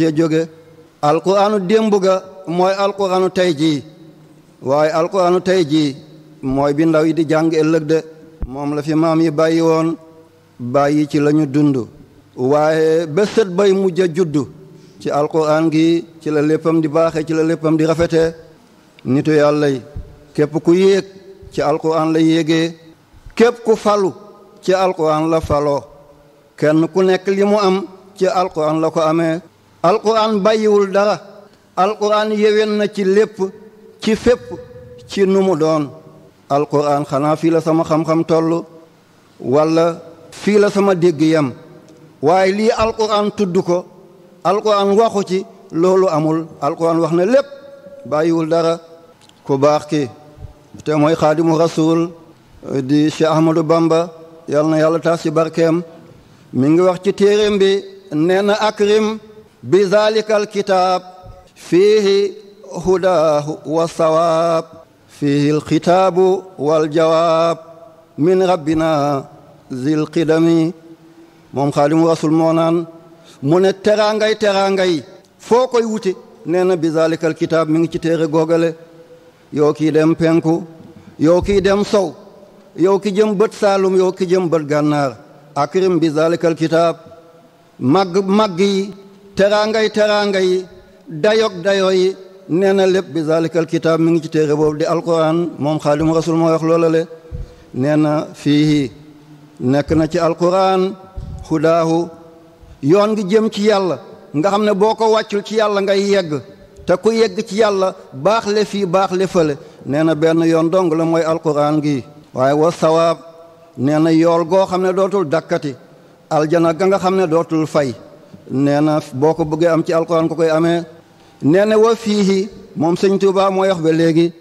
jee jóge alquraanu démb ga mooy alquraanu tey jii waaye alquraanu tey jii mooy bi ndaw yi di jàng ëllëg de moom la fi maam yi bàyyi woon bàyyi ci lañu dund waaye ba sët bay mujj a juddu ci alquraan gi ci la léppam di baaxe ci la léppam di rafete nitu yàlla yi képp ku yéeg ci alquraan la yéegee képp ku falu ci alquraan la faloo kenn ku nekk li mu am ci alquraan la ko ame alquran bàyyiwul dara alquran yéwén na ci lépp ci fépp ci nu mu doon alquran xanaa fii la sama xam-xam toll wala fii la sama dégg yam waaye lii alquran tudd ko alquran waxu ci loolu amul alquran wax na lépp bàyyiwul dara ku baax ki te mooy xaadimu rasul di Cheikh Ahmadou Bamba yàlla na yàlla taas ci barkeem mi ngi wax ci téeréem bi nee na akrim bi zalika alkitaab fiihi hudaahu wa sawaab fiihi alxitaabu waljawaab min rabbina zil qidami moom xaadimu rasul moo mu ne teraangay teraangay foo koy wute nee na bi zalika alkitaab mi ngi ci téere googale yow kii dem penku yow kii dem sow yow ki jëm bët saalum yow ki jëm bët gànnaar akrim bi zalika alkitaab màgg màgg yi teraangay teraanga yi dayog dayo yi nee na lépp bi zalikal kitaab mi ngi ci téere boobu di alquran moom xaadimu rasul moo wax nee na fii nekk na ci alquran hudaahu yoon ngi jëm ci yàlla nga xam ne boo ko wàccul ci yàlla ngay yegg te ku yegg ci yàlla baax le fii baax le fële nee na benn yoon dong la mooy alquran gi waaye wa sawaab nee na yool goo xam ne dootul dakkati aljana ga nga xam ne dootul fay nee na boo ko bëggee am ci alquran ko koy ame nee na wa fiihi moom sëñ Tuubaa mooy wax ba léegi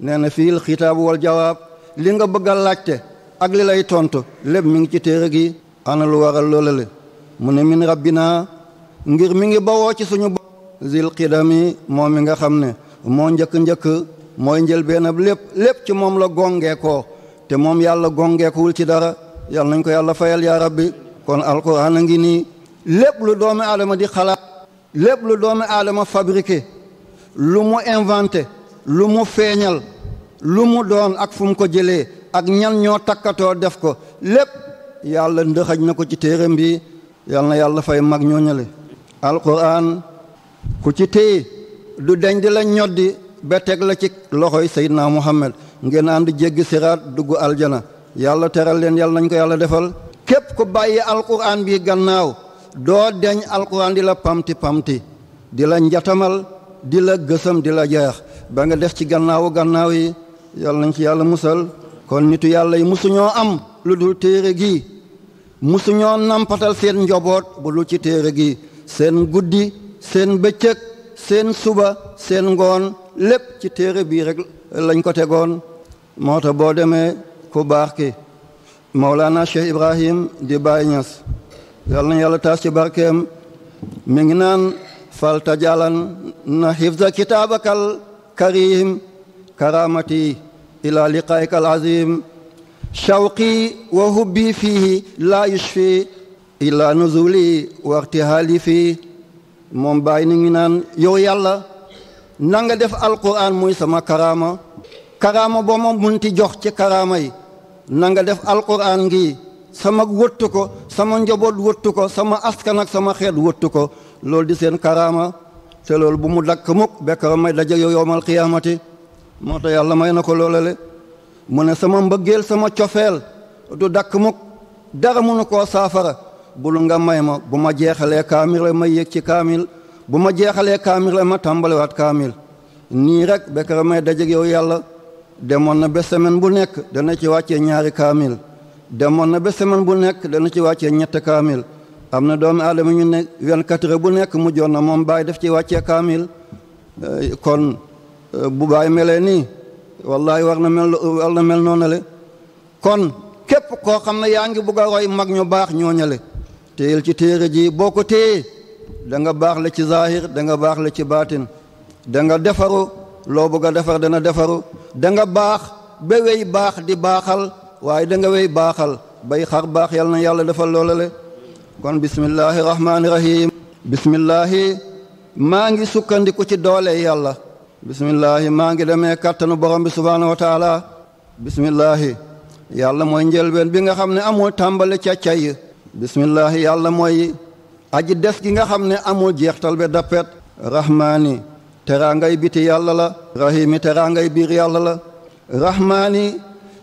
nee na fiil xitaabu wal jawaab li nga bëgg a laajte ak li lay tontu lépp mi ngi ci téere gi ana lu waral loola le mu ne min rabbina ngir mi ngi bawoo ci suñu bopp zil xidami moom mi nga xam ne moo njëkk-njëkk mooy njëlbeenam lépp lépp ci moom la gongeekoo te moom yàlla gongeekuwul ci dara yàlla nañ ko yàlla fayal yaa rabbi kon alquran ngi nii lépp lu doomu aadama di xalaat lépp lu doomu aadama fabriqué lu mu inventé lu mu feeñal lu mu doon ak fu ko jëlee ak ñan ñoo takkatoo def ko lépp yàlla ndëxaj na ko ci téeram bi yal na yàlla fay mag ñoo ñële ku ci téye du deñ di la ñoddi ba teg la ci loxoy seydina muhammad ngeen ànd jéggi siraat dugg aljana yàlla teral leen yàlla nañ ko yàlla defal képp ko bàyyi alquran bi gannaaw doo deñ alquran di la pamti pamti di la njatamal di la gësam di la jeex ba nga def ci gannaawu gannaaw yi yàlla nañ ci yàlla musal kon nitu yàlla yi musuñoo am lu dul téere gi musuñoo nampatal seen njoboot bu dul ci téere gi seen guddi seen bëccëg seen suba seen ngoon lépp ci téere bii rekk lañ ko goon moo tax boo demee ku baax ki Mawlana Cheikh Ibrahim di Baay Ñas yal na yàlla taas ci barkeem mi ngi naan fal tajaalan na hifza kitaabakal karim karamati ila liqaayikal azim shawqi wa hubbi fiihi laa yushfi ila nuzuli wa irtihaali fii moom bàyyi ngi naan yow yàlla nanga def alquran muy sama karama karama boo ma munti jox ci karama yi na nga def alquran ngi sama wëttu ko sama njaboot wëttu ko sama askan ak sama xeet wëttu ko loolu di seen karaama te loolu bu mu dakk mukk bekka may daje yow yowmal xiyaamati moo tax yàlla may na ko loolale mu ne sama mbëggeel sama cofeel du dakk mukk dara mënu koo saafara bul nga may ma bu ma jeexalee kaamil ma yéeg ci kaamil bu ma jeexalee kaamil ma tàmbaliwaat kaamil nii rek bekka may daje yow yàlla demoon na ba semaine bu nekk dana ci wàccee ñaari kaamil demoon na ba semaine bu nekk dana ci wàccee ñett kaamil am na doomi aadama ñu ne vingt-quatre bu nekk mu mujjoon na moom baay def ci wàccee kaamil eh, kon eh, bu baay melee nii wallahi war na mel war na mel noonu le kon képp koo xam ne yaa ngi bugg a roy mag ñu baax ñooñale téyel ci téere ji boo ko téye da nga baax la ci zahir danga baax la ci baatin da nga defaru loo bugg a defar dana defaru da nga baax ba wey baax di baaxal waaye da nga wey baaxal bay xar baax yal na yàlla defal loola le kon bismillahi rahmaani rahim bismillahi maa ngi sukkandiku ci doole yàlla bismillahi maa ngi demee kattanu borom bi subhaanahu wa taala bismillahi yàlla mooy njëlbeen bi nga xam ne amul tàmbale càccay yi bismillahi yàlla mooy aji des gi nga xam ne amul jeextal be dappet rahmaani teraangay biti yàlla la biir yàlla la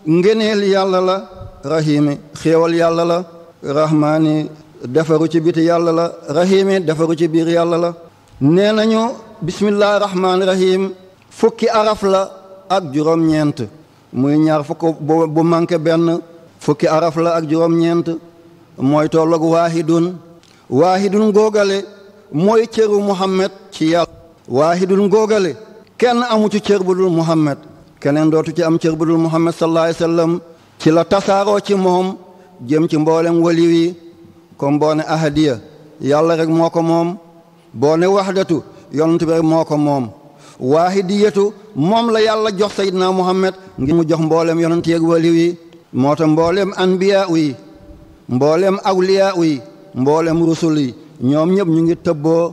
ngëneel yàlla la rahimi xéewal yàlla la rahmaani defaru ci biti yàlla la rahimi defaru ci biir yàlla la nee nañu bisimilah rahmaani rahim fukki araf la ak juróom-ñeent muy ñaar fukk bu bu benn fukki araf la ak juróom-ñeent mooy tolloog waahidun waahidun góogale mooy cëru muhammad ci yàlla waahidun góogale kenn amu ci cër bu dul muhammad keneen dootu ci am cër bu dul muhammad sallallahu alayhi wasallam ci la tasaaroo ci moom jëm ci mboolem waliw yi comme boo ahadiya yàlla rek moo ko moom boo ne wahdatu yonent bi rek moo ko moom waahidiyatu moom la yàlla jox sayidna muhammad ngi mu jox mboolem yonent yeeg waliw yi moo tax mboolem anbiya yi mboolem awliya yi mboolem rusul yi ñoom ñëpp ñu ngi tëbboo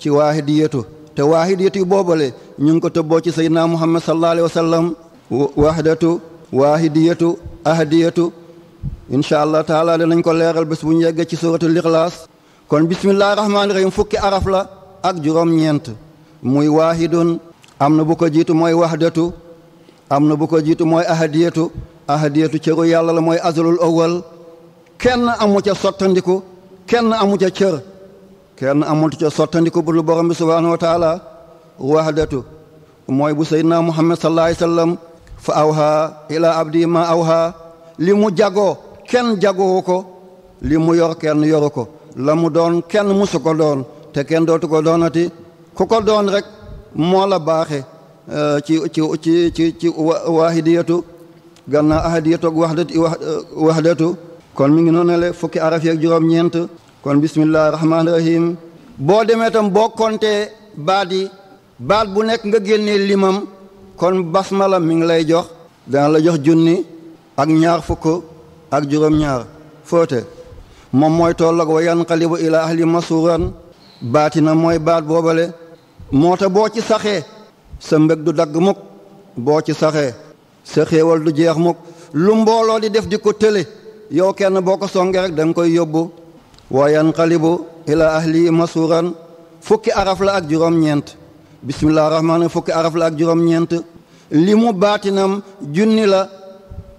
ci waahidiyatu te waahidiyatu boobale ñu ngi ko tëbboo ci sayyidina muhammad sallallahu alayhi wa sallam wahdatu waahidiyatu ahdiyatu incha allah taala danañ ko leeral bés bu ñu yeggee ci suratul ixlaas kon bismillahi rahmaani fukki araf la ak juróom-ñeent muy waahidun am na bu ko jiitu mooy wahdatu am na bu ko jiitu mooy ahadiyatu ahadiyatu cëru yàlla la mooy azalul awal kenn amu ca sottandiku kenn amu ca cër kenn amul ca sottandiku bu lu borom bi subhaanahu wa taala mooy bu seydina muhammad sallallahu alayhi wasallam fa awha ila abdi ma awha li mu jagoo kenn jagoowu ko li mu yor kenn yoru ko la mu doon kenn musu ko doon te kenn dootu ko doonati ku ko doon rek moo la baaxe euh, ci ci ci ci ci waahidiyatu gannaaw kon mi ngi noonale fukki araf juróom-ñeent kon bisimillahi rahmaani rahim boo demee tam boo kontee baat yi baat bu nekk nga génnee limam kon basmala mi ngi lay jox dana la jox junni ak ñaar fukk ak juróom-ñaar fóote moom mooy tolloog wa yanqalibu ila ahli masuran baati na mooy baat boobale moo ta boo ci saxee sa mbég du dagg mukk boo ci saxee sa xéewal du jeex mukk lu mbooloo di def di ko tële yow kenn boo ko songee rek da koy yóbbu wa yanqalibu ila ahli masuran fukki araf la ak juróom-ñeent bisimilah rahmaani fukki araf la ak juróom-ñeent li mu baatinam junni la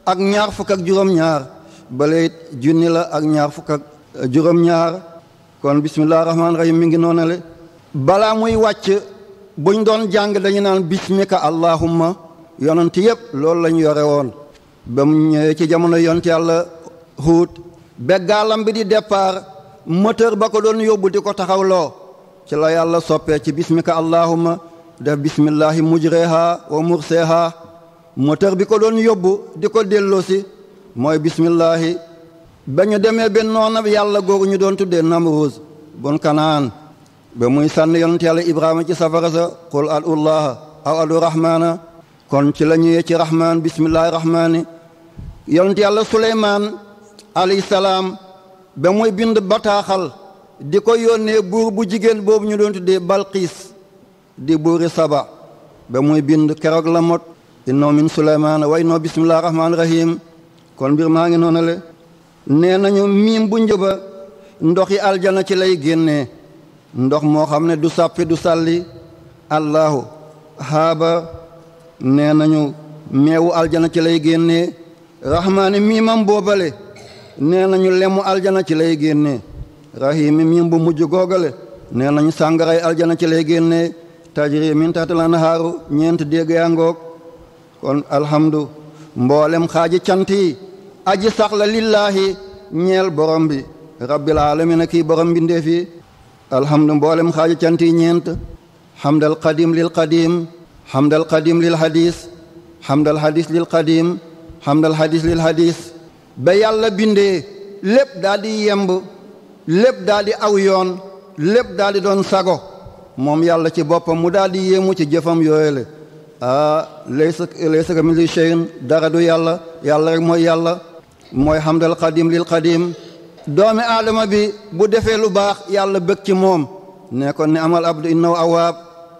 ak ñaar fukk ak juróom-ñaar bale junni la ak ñaar fukk ak juróom-ñaar kon bisimilah rahmaani rahim mi ngi noonale balaa muy wàcc buñ doon jàng dañu naan bismika allahumma yonent yëpp loolu lañ yore woon ba mu ñëwee ci jamono yonent yàlla huut beggaalam bi di départ moteur ba ko doon yóbbu di ko taxawloo ci la yàlla soppee ci bismika allahumma def bismillahi mujreha wa murseha moteur bi ko doon yóbbu di ko delloosi mooy bismillahi ba demee benn noona yàlla googu ñu doon tuddee namruus bun kanaan ba muy sànn yonent yàlla ibrahima ci safara sa qul adu llaha aw adu rahmaana kon ci la ci rahmaan bismillahi rahmaani yonent yàlla suleymaan alayhi ba muy bind bataaxal di ko yónnee buur bu jigéen boobu ñu doon tuddee balqiis di buuri saba ba muy bind keroog la mot innoo min suleymaana way noo bisimilah rahmaani rahim kon mbir maa ngi noonu le nee nañu miim bu njëba ndox yi aljana ci lay génnee ndox moo xam ne du sàppi du sàlli allahu haaba nee nañu meewu aljana ci lay génnee rahmaani miimam boobale nee nañu lemu aljana ci lay génnee rahimi miim bu mujj googale nee nañu sàngaray aljana ci lay génnee tajri min tahtil anhaaru ñeent dégg yaa ngoog kon alhamdu mboolem xaaji cant yi aji sax lillaahi ñeel borom bi rabbil aalamiina kii borom bi ndéef yi mboolem xaaji cant yi ñeent hamdal qadim lil qadim hamdal qadim lil hadis hamdal hadis lil qadim hamdal hadis lil hadis ba yàlla bindee lépp daal di yemb lépp daal di aw yoon lépp daal di doon sago moom yàlla ci boppam mu daal di yéemu ci jëfam yooyale aa ah, laysa laysa ka misli shay'in dara du yàlla yàlla rek mooy yàlla mooy hamdal xadim lil xadim doomi aadama bi bu defee lu baax yàlla bëgg ci moom ne kon ne amal abdu innahu awaab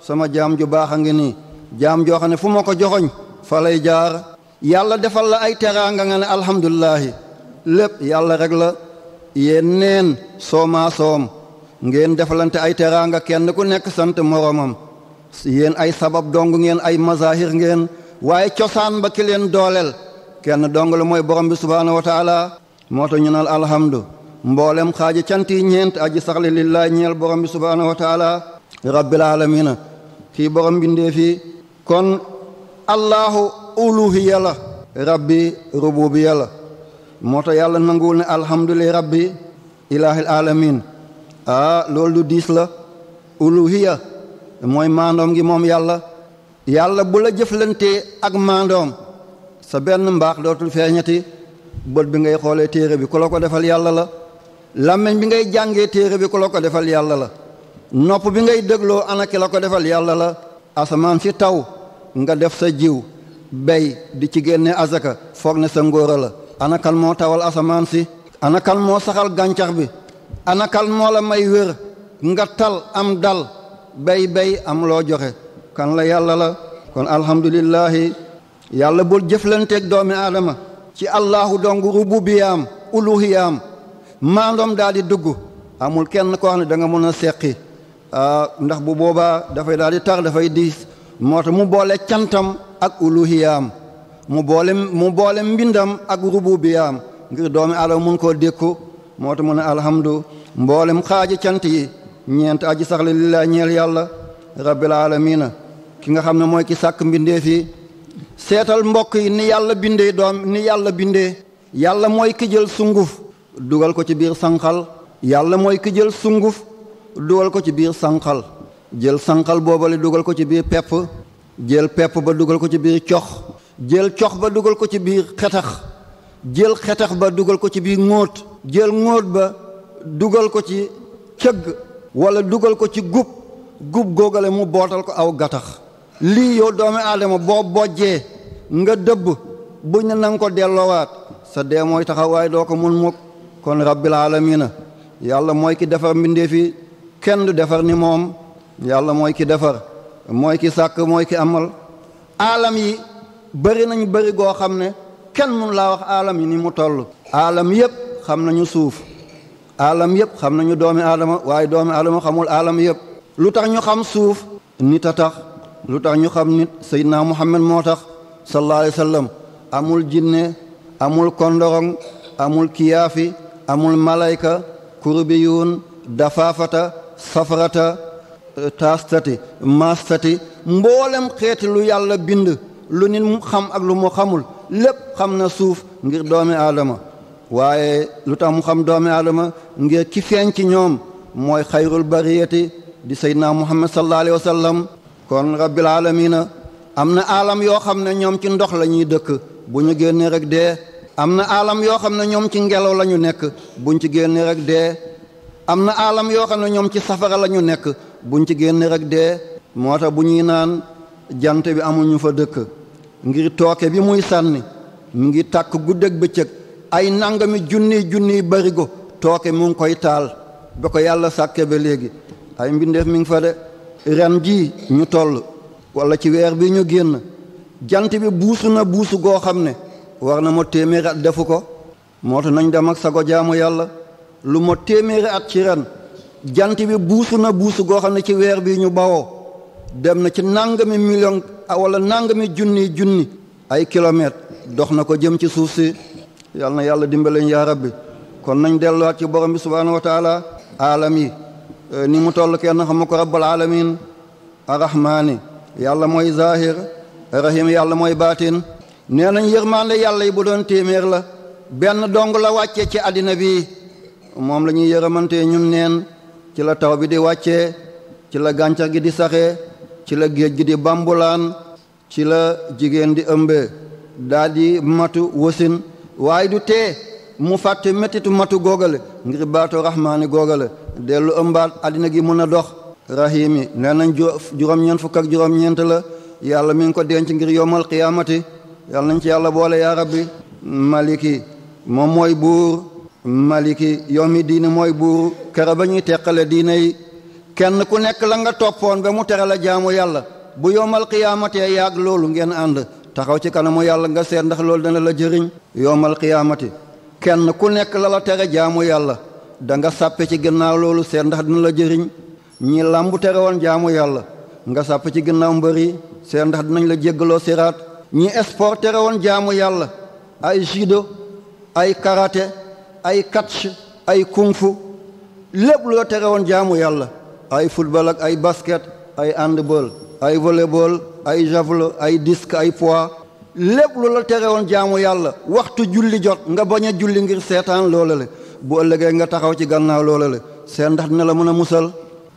sama jaam ju baax a ngi nii jaam joo xam ne fu ma ko joxoñ fa jaar yàlla defal la ay teraanga nga ne alhamdulilahi lépp yàlla rek la yéen neen soomaa soom ngeen defalante ay teraanga kenn ku nekk sant moromam yéen ay sabab dong ngeen ay mazahir ngeen waaye cosaan ba kileen leen dooleel kenn dong la mooy borom bi subhaanahu wa taala moo tax ñu naan alhamdu mboolem xaaji cant yi ñeent aji saxle lillaay ñeel borom bi subhaanahu wa taala rabbil alamina kii borom bi kon allahu uluhiya la rabbi rububiya la moo tax yàlla nanguwul ne alhamdulilahi rabbi ilaahil alamin aa ah, loolu du diis la uluhiya mooy maandoom gi moom yàlla yàlla bu la jëflantee ak maandoom sa benn mbaax dootul feeñati bët bi ngay xoolee téere bi ku la ko defal yàlla la làmmiñ bi ngay jàngee téere bi ku la ko defal yàlla la nopp bi ngay dégloo ana ki ko defal yàlla la asamaan si taw nga def sa jiw bay di ci génne asaka foog ne sa ngóora la ana kan moo tawal asamaan si ana moo saxal gàncax bi ana moo la may wér nga tal am dal bay bay am loo joxe kan la yàlla la kon alhamdulillahi yàlla bul jëflanteeg doomi aadama ci allahu dong rububiyaam uluhiyaam maandoom daal di dugg amul kenn koo xam ne mën a seqi ah, ndax bu boobaa dafay daal di tar dafay diis moo tax mu boole cantam ak uluhiyaam mu boole mu boole mbindam ak rububiyaam ngir doomi aadama mun koo dékku moo tax mu ne alhamdu mboolem xaaji cant yi ñeent aji saxle lillaa ñeel yàlla rabbil alamina ki nga xam ne mooy ki sàkk mbindee fii seetal mbokk yi ni yàlla bindee doom ni yàlla bindee yàlla mooy ki jël sunguf dugal ko ci biir sànqal yàlla mooy ki jël sunguf dugal ko ci biir sànqal jël sànqal boobale dugal ko ci biir pepp jël pepp ba dugal ko ci biir cox jël cox ba dugal ko ci biir xetax jël xetax ba dugal ko ci biir ŋóot jël ŋóot ba dugal ko ci cëgg wala dugal ko ci gub gub googale mu bootal ko aw gattax lii yow doomi aadama boo bojjee nga dëbb buñ ne nanga ko delloowaat sa dee mooy taxawaay doo ko mun mukk kon rabbil alamina yàlla mooy ki defar mbindee fi kenn du defar ni moom yàlla mooy ki defar mooy ki sàkk mooy ki amal aalam yi bari nañ bari goo xam ne kenn mun laa wax aalam yi ni mu toll aalam yëpp xam nañu suuf aalam yëpp xam nañu doomi aadama waaye doomi aadama xamul aalam yëpp lu tax ñu xam suuf nit a tax lu tax ñu xam nit Seydina Muhammad moo tax sallallahu alayhi wa sallam amul jinne amul kondorong amul kiyaafi amul malayka kurubiyuun dafaafata safarata taastati maastati mboolem xeeti lu yàlla bind lu nit mu xam ak lu mu xamul lépp xam na suuf ngir doomi aadama waaye lu tax mu xam doomi aadama ngir ki feeñ ci ñoom mooy xayrul bariyati di sey naa muhammad sallallahu alayhi wa sallam kon rabbil alamina am na alam yoo xam ne ñoom ci ndox la ñuy dëkk bu ñu génnee rek dee am na alam yoo xam ne ñoom ci ngelaw la ñu nekk buñ ci génnee rek dee am na alam yoo xam ne ñoom ci safara la ñu nekk buñ ci génn rek dee moo tax bu ñuy naan jant bi amuñu fa dëkk ngir tooke bi muy sànni mu ngi takk tàkk guddeeg cëg ay nangami junniy junniy barigo tooke mu ngi koy taal ba ko yàlla sàkke ba léegi ay mbindeef mi ngi fa de ren ji ñu toll wala ci weer bi ñu génn jant bi buusu na buusu goo xam ne war na ma téeméeri at defu ko moo tax nañ dem ak sago yàlla lu ma téeméeri at ci ren jant bi buusu na buusu goo xam ne ci weer bi ñu bawoo dem na ci nangami million wala nangami junni junni ay kilomètres dox na ko jëm ci suuf si yal na yàlla dimbaleñ yaa rabbi kon nañ delluwaat ci borom bi subhaanahu wa taala eh, ni mu toll kenn xam ko rabbal alamin arrahmaani yàlla mooy zahir rahim yàlla mooy baatin nee nañ yërmaande yàlla yi bu doon téeméer la benn dong la wàccee ci àddina bi moom la ñuy yërëmantee ñun neen ci la taw bi di wàccee ci la gàncax gi di saxe ci la géej gi di bambulaan ci la jigéen di ëmbee daal matu wasin waaye du tee mu fàtte méttitu matu googale ngir baatu rahmaani googale dellu ëmbaat àddina gi mën a dox rahimi nee nañ juróom-ñeent fukk ak juróom-ñeent la yàlla mi ngi ko denc ngir yomal qiyaamati yàlla nañ ci yàlla boole yaa rabbi maliki moom mooy buur maliki yawmi diine mooy buuru kere ba ñuy teqale diine yi kenn ku nekk lan nga toppoon ba mu tere la jaamu yàlla bu yowmal qiyaamatee yaag loolu ngeen ànd taxaw ci kanamu yàlla nga seet ndax loolu dana la jëriñ yowmal qiyaamati kenn ku nekk la la tere jaamu yàlla da nga sàppe ci ginnaaw loolu seet ndax dina la jëriñ ñi làmbu tere woon jaamu yàlla nga sàpp ci ginnaaw mbër yi seet ndax dinañ la jéggaloo siraat ñi sport tere woon jaamu yàlla ay judo ay ay catch ay kung fu lépp loo tere woon jaamu yàlla ay football ak ay basket ay handball ay volleyball ay javelot ay disque ay poids lépp lu tere woon jaamu yàlla waxtu julli jot nga bañ julli ngir seetaan loola le bu ëllëgee nga taxaw ci gannaaw loola le seen ndax dina la mën a musal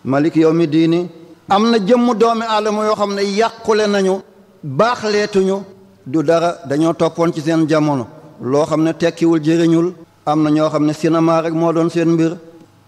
malik yow mi diini am na jëmm doomi aadama yoo xam ne yàqule nañu baax leetuñu du dara dañoo toppoon ci seen jamono loo xam ne tekkiwul jëriñul am na ñoo xam ne cinéma rek moo doon seen mbir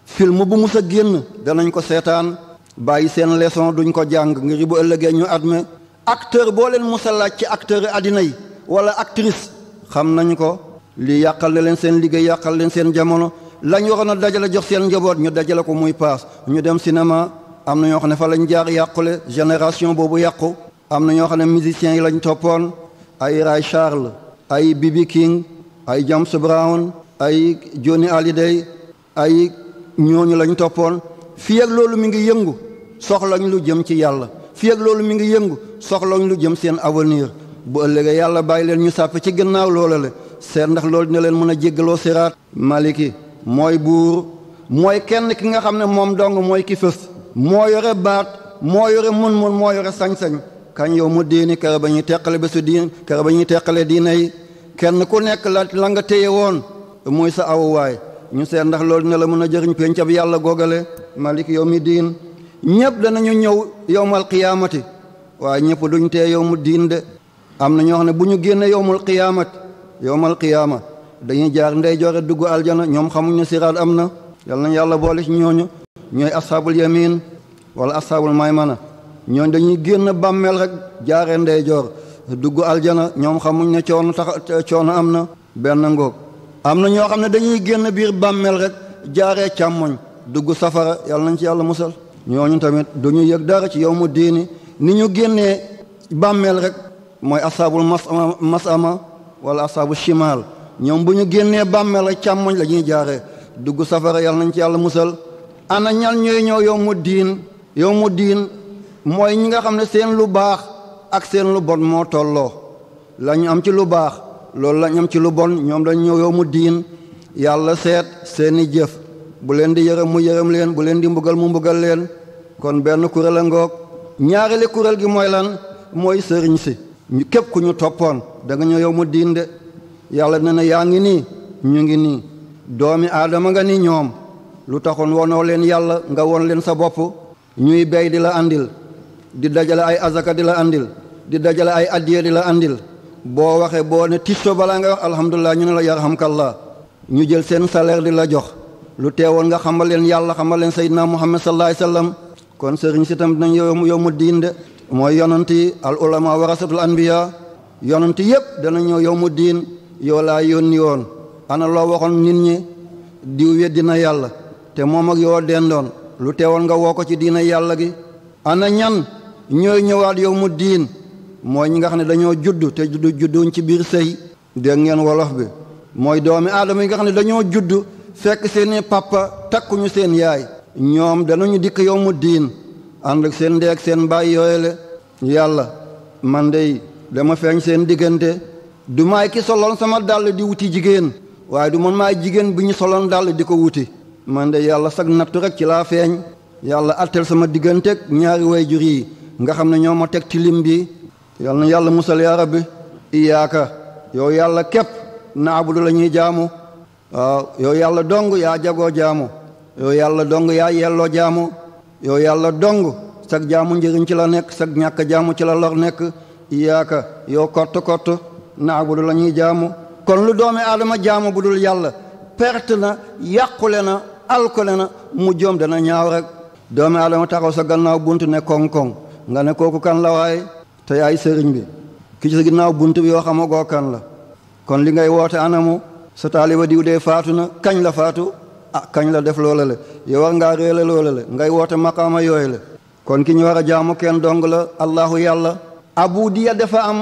film bu mus génn danañ ko seetaan bàyyi seen leçon duñ ko jàng ngir bu ëllëgee ñu adme acteur boo leen mus a laaj ci acteur addina yi wala actrice xam nañ ko lii yàqal leen seen liggéey yàqal leen seen jamono lañu waroon a dajale jox seen njaboot ñu dajale ko muy paas ñu dem cinéma am na ñoo xam ne fa lañ jaar yàqule génération boobu yàqu am na ñoo xam ne musiciens yi lañ toppoon ay Ray Charles ay Johnny Hallyday ay ñooñu lañ toppoon fii ak loolu mi ngi yëngu soxlañ lu jëm ci yàlla fii loolu mi ngi yëngu soxlañ lu jëm seen avenir bu ëllëgee yàlla bàyyi leen ñu sàpp ci ginnaaw loola la seet ndax loolu dina leen mën a jéggaloo siraat maliki mooy buur mooy kenn ki nga xam ne moom dong mooy ki fës moo yore baat moo yore mën mun moo yore sañ-sañ kañ yow mu diini kara ba ñuy teqale ba su diin kara ba ñuy teqale diina yi kenn ku nekk la la nga téye woon mooy sa awuwaay ñu seet ndax loolu dina la mën a jëriñ pencab yàlla googale malik yow yawmi diin ñëpp danañu ñëw yowmal qiyaamati waaye ñëpp duñ tee yowmu diin de am na ñoo xam ne bu ñu génne yowmul qiyaamat yowmal qiyaama dañuy jaar ndey joore dugg aljana ñoom xamuñ ne siraat am na yal nañ yàlla boole ci ñooñu ñooy ashaabul yamin wala ashaabul mana ñooñu dañuy génn bàmmeel rek jaaree ndeyjoor joor dugg aljana ñoom xamuñ na coono tax coono am na benn ngoog am na ñoo xam ne dañuy génn biir bàmmeel rek jaaree càmmoñ dugg safara yàlla nañ ci yàlla musal ñooñu tamit du ñu yëg dara ci yow mu diini ni ñu génnee bàmmeel rek mooy asaabul mas masama wala asaabu shimal ñoom bu ñu génnee bàmmeel rek càmmoñ la ñuy jaaree dugg safara yàlla nañ ci yàlla musal ana ñal ñooy ñëw yow mu diin yow mu diin mooy ñi nga xam ne seen lu baax ak seen lu bon moo tolloo la am ci lu baax loolu la ñam ci lu bon ñoom dañ ñëw mu diin yàlla seet seeni jëf bu leen di yërëm mu yërëm leen bu leen di mbugal mu leen kon benn kuréel a ngoog ñaareeli kuréel gi mooy lan mooy sëriñ si ñu képp ku ñu toppoon da nga ñëw yow mu diin de yàlla ne na yaa ngi nii ñu ngi nii doomi aadama nga ni ñoom lu taxoon wonoo leen yàlla nga won leen sa bopp ñuy bey di la andil di dajale ay azaka di la andil di dajale ay addiye di la andil boo waxee boo ne tisto balaa nga wax alhamdulilah ñu ne la yarhamkallah ñu jël seen salaire di la jox lu teewoon nga xamal leen yàlla xamal leen sayyidina muhammad sallallahu alayhi wasallam kon sëriñ si tam dinañ yow yow mu diin de mooy yonent yi al ulama warasatul anbiya yonent yëpp dana ñëw yow mu diin yow laa yónni woon ana loo waxoon nit ñi diw weddi na yàlla te moom ak yow dendoon lu teewoon nga woo ko ci diina yàlla gi ana ñan ñooy ñëwaat yow mu diin mooy ñi nga xam ne dañoo judd te judduñ ci biir sëy dégg ngeen wolof bi mooy doomi aadama yi nga xam ne dañoo judd fekk seeni papa takkuñu seen yaay ñoom danañu dikk yow mu diin ànd ak seen ndeeg seen bàyyi yooyale yàlla man de dama feeñ seen diggante du maay ki soloon sama dàll di wuti jigéen waaye du man maay jigéen bu ñu soloon dàll di ko wuti man de yàlla sag nattu rek ci laa feeñ yàlla attel sama digganteeg ñaari way jur yi nga xam ne ñoo ma teg ci lim bi yal na yàlla musal yaa rabbi iyaaka yow yàlla képp naabudu la ñuy jaamu waaw yow yàlla dong yaa jagoo jaamu yow yàlla dong yaa yelloo jaamu yow yàlla dong sag jaamu njëriñ ci la nekk sag ñàkk jaamu ci la lor nekk iyaaka yow kott kott naabudu la ñuy jaamu kon lu doomi aadama jaamu bu dul yàlla pert na yàqule na alkole na mu joom dana ñaaw rek doomi aadama taxaw sa gannaaw bunt ne koŋ-koŋ nga ne kooku kan la te ay sëriñ bi ki ci sa bunt bi yoo xamagoo kan la kon li ngay woote anamu sa taaliba di dee faatu na kañ la faatu a ah, kañ la def loola la yow war ngaa réele loola la ngay woote makaama yooyu la kon kii ñu war a jaamu kenn dong la allahu yàlla abudiya dafa am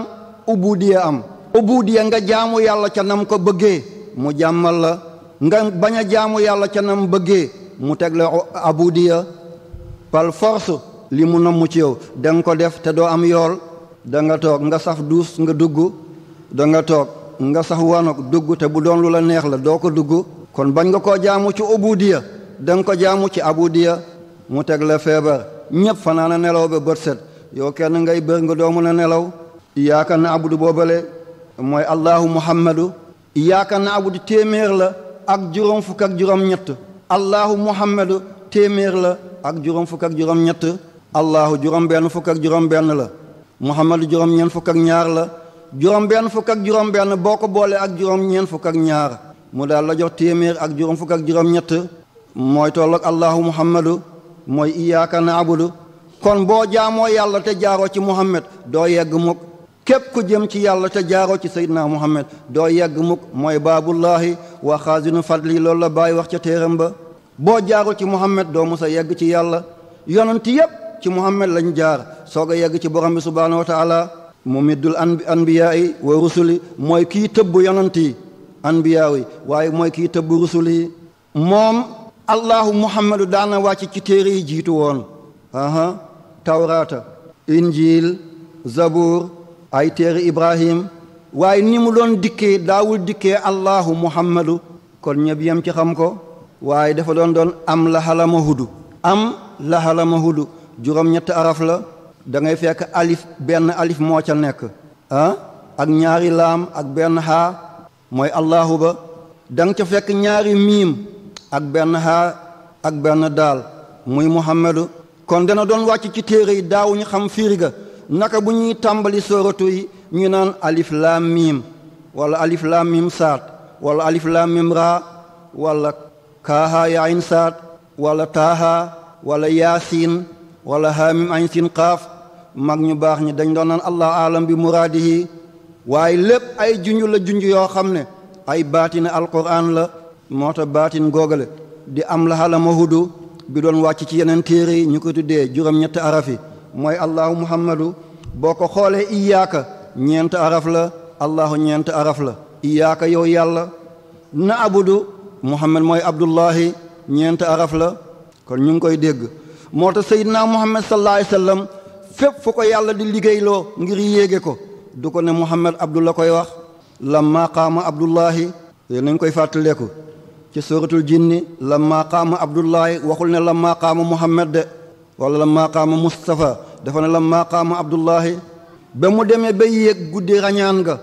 ubudiya am ubudiya nga jaamu yàlla ca nam ko bëggee mu jàmmal la nga bañ a jaamu yàlla ca nam bëggee mu teg la abudiya pal force li mu namm ci yow danga ko def te doo am yool da nga toog nga saf duus nga dugg da nga toog nga sax wanok dugg te bu doon lu la neex la doo ko dugg kon bañ nga koo jaamu ci ubudiya da nga ko jaamu ci abudiya mu teg la feebar ñëpp fanaana nelaw ba bët set yow kenn ngay bër nga doo mën a nelaw iyaaka na abudu boobale mooy allahu muhammadu iyaaka na abudu téeméer la ak juróom fukk ak juróom ñett allahu muhammadu téeméer la ak juróom fukk ak juróom ñett allahu juróom benn fukk ak juróom la muhammadu juróom ñeent fukk ak ñaar la juróom benn fukk ak juróom benn boo ko boolee ak juróom ñeent fukk ak ñaar mu daal la jox téeméer ak juróom fukk ak juróom ñett mooy tolloog allahu muhammadu mooy iyaaka naabudu kon boo jaamoo yàlla te jaaroo ci muhammad doo yegg mukk képp ku jëm ci yàlla te jaaroo ci seydina muhammad doo yegg mukk mooy baabullaahi wa xaasinu fadli loolu la bàyyi wax ca téeram ba boo jaaroo ci muhammad doo musa yegg ci yàlla yonent ci muhammad lañ jaar soog a yegg ci borom bi subhaanahu wa taala mu middul an anbiyaa yi wa rusuli mooy kii tëbb yonant yi anbiyaa yi waaye mooy kii tëbb rusuli moom allahu muhammadu daana wàcc ci téere yi jiitu woon aha tawraata injil zabuur ay téere ibrahim waaye ni mu doon dikkee daawul dikkee allahu muhammadu kon ñëpp yem ci xam ko waaye dafa doon doon am laxalama hudu am laxalama hudu juróom-ñetti araf la da fekk alif benn alif moo ca nekk ak ñaari laam ak benn xaa mooy allahu ba da ca fekk ñaari miim ak benn xaa ak benn daal muy muhammadu kon dana doon wàcc ci téere yi daawuñu xam firiga naka bu ñuy tàmbali sooratu yi ñu naan alif laam miim wala alif laam miim saat wala alif laam miim raa wala kaaha yaayin saat wala taaha wala yaasiin wala haamim añ sin mag ñu baax ñi dañ doon naan allah alam bi muraadihi waaye lépp ay junj la junj yoo xam ne ay baatina alquran la moo tax baatin googale di am la xalama hudu bi doon wàcc ci yeneen téere yi ñu koy tuddee juróom-ñetti araf yi mooy allahu muhammadu boo ko xoolee iyaaka ñeent araf la allahu ñeent araf la iyaaka yow yàlla na abudu muhammad mooy abdullahi ñeent araf la kon ñu ngi koy dégg moo tax sayyidina muhammad sallallahu alayhi wa sallam fépp fu ko yàlla di liggéeyloo ngir yéege ko du ko ne muhammad abdu la koy wax lamma qaama abdullahi yéen nañ koy fàttaleeku ci suratul jinni lamma qaama abdullahi waxul ne lamma qaama muhammad de wala lamma qaama mustafa dafa ne lamma qaama abdullahi ba mu demee ba yéeg guddi rañaan nga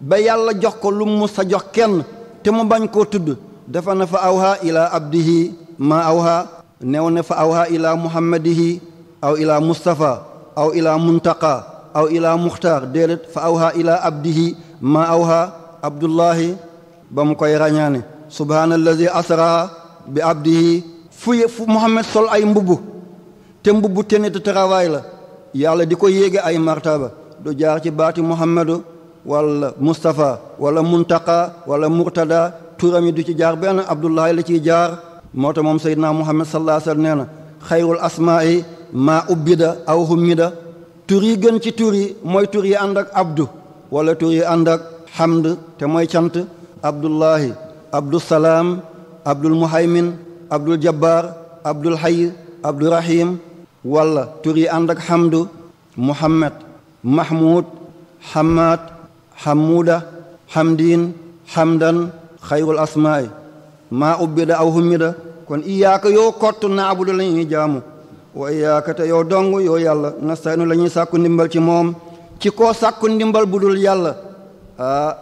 ba yàlla jox ko lu mu sa jox kenn te mu bañ koo tudd dafa na fa awha ila abdihi ma awha new ne fa awha ila muhammadihi aw ila mustafa aw ila muntaqa aw ila muxtaar déedéet fa awha ila abdihi ma awha abdullahi ba koy ràññaane subhaanallazi asra bi abdihi fu muhammad sol ay mbubb te mbubb tenit travail la yàlla di ko yéege ay martaba du jaar ci baati muhammadu wala mustafa wala muntaqa wala murtada turam yi du ci jaar benn abdullahi la ciy jaar moo tax moom seydina muhammad sallallahu alayhi wa sallam nee na xayrul asmaa'i maa ubbida aw hummida tur yi gën ci tur yi mooy tur yi ànd ak abdu walla tur yi ànd ak hamd te mooy cant abdullahi abdul salaam abdul muhaymin abdul jabbar abdul hayy abdul rahim wala tur yi ànd ak hamdu muhammad mahmud hamad hamuda hamdin hamdan xayrul asmaa'i maa ubbi ubbida aw hummida kon iyaaka yow kott naabudu la ñuy jaamu wa iyaaka te yow dong yow yàlla nastaynu la ñuy sàkku ndimbal ci moom ci koo sàkku ndimbal bu dul yàlla ah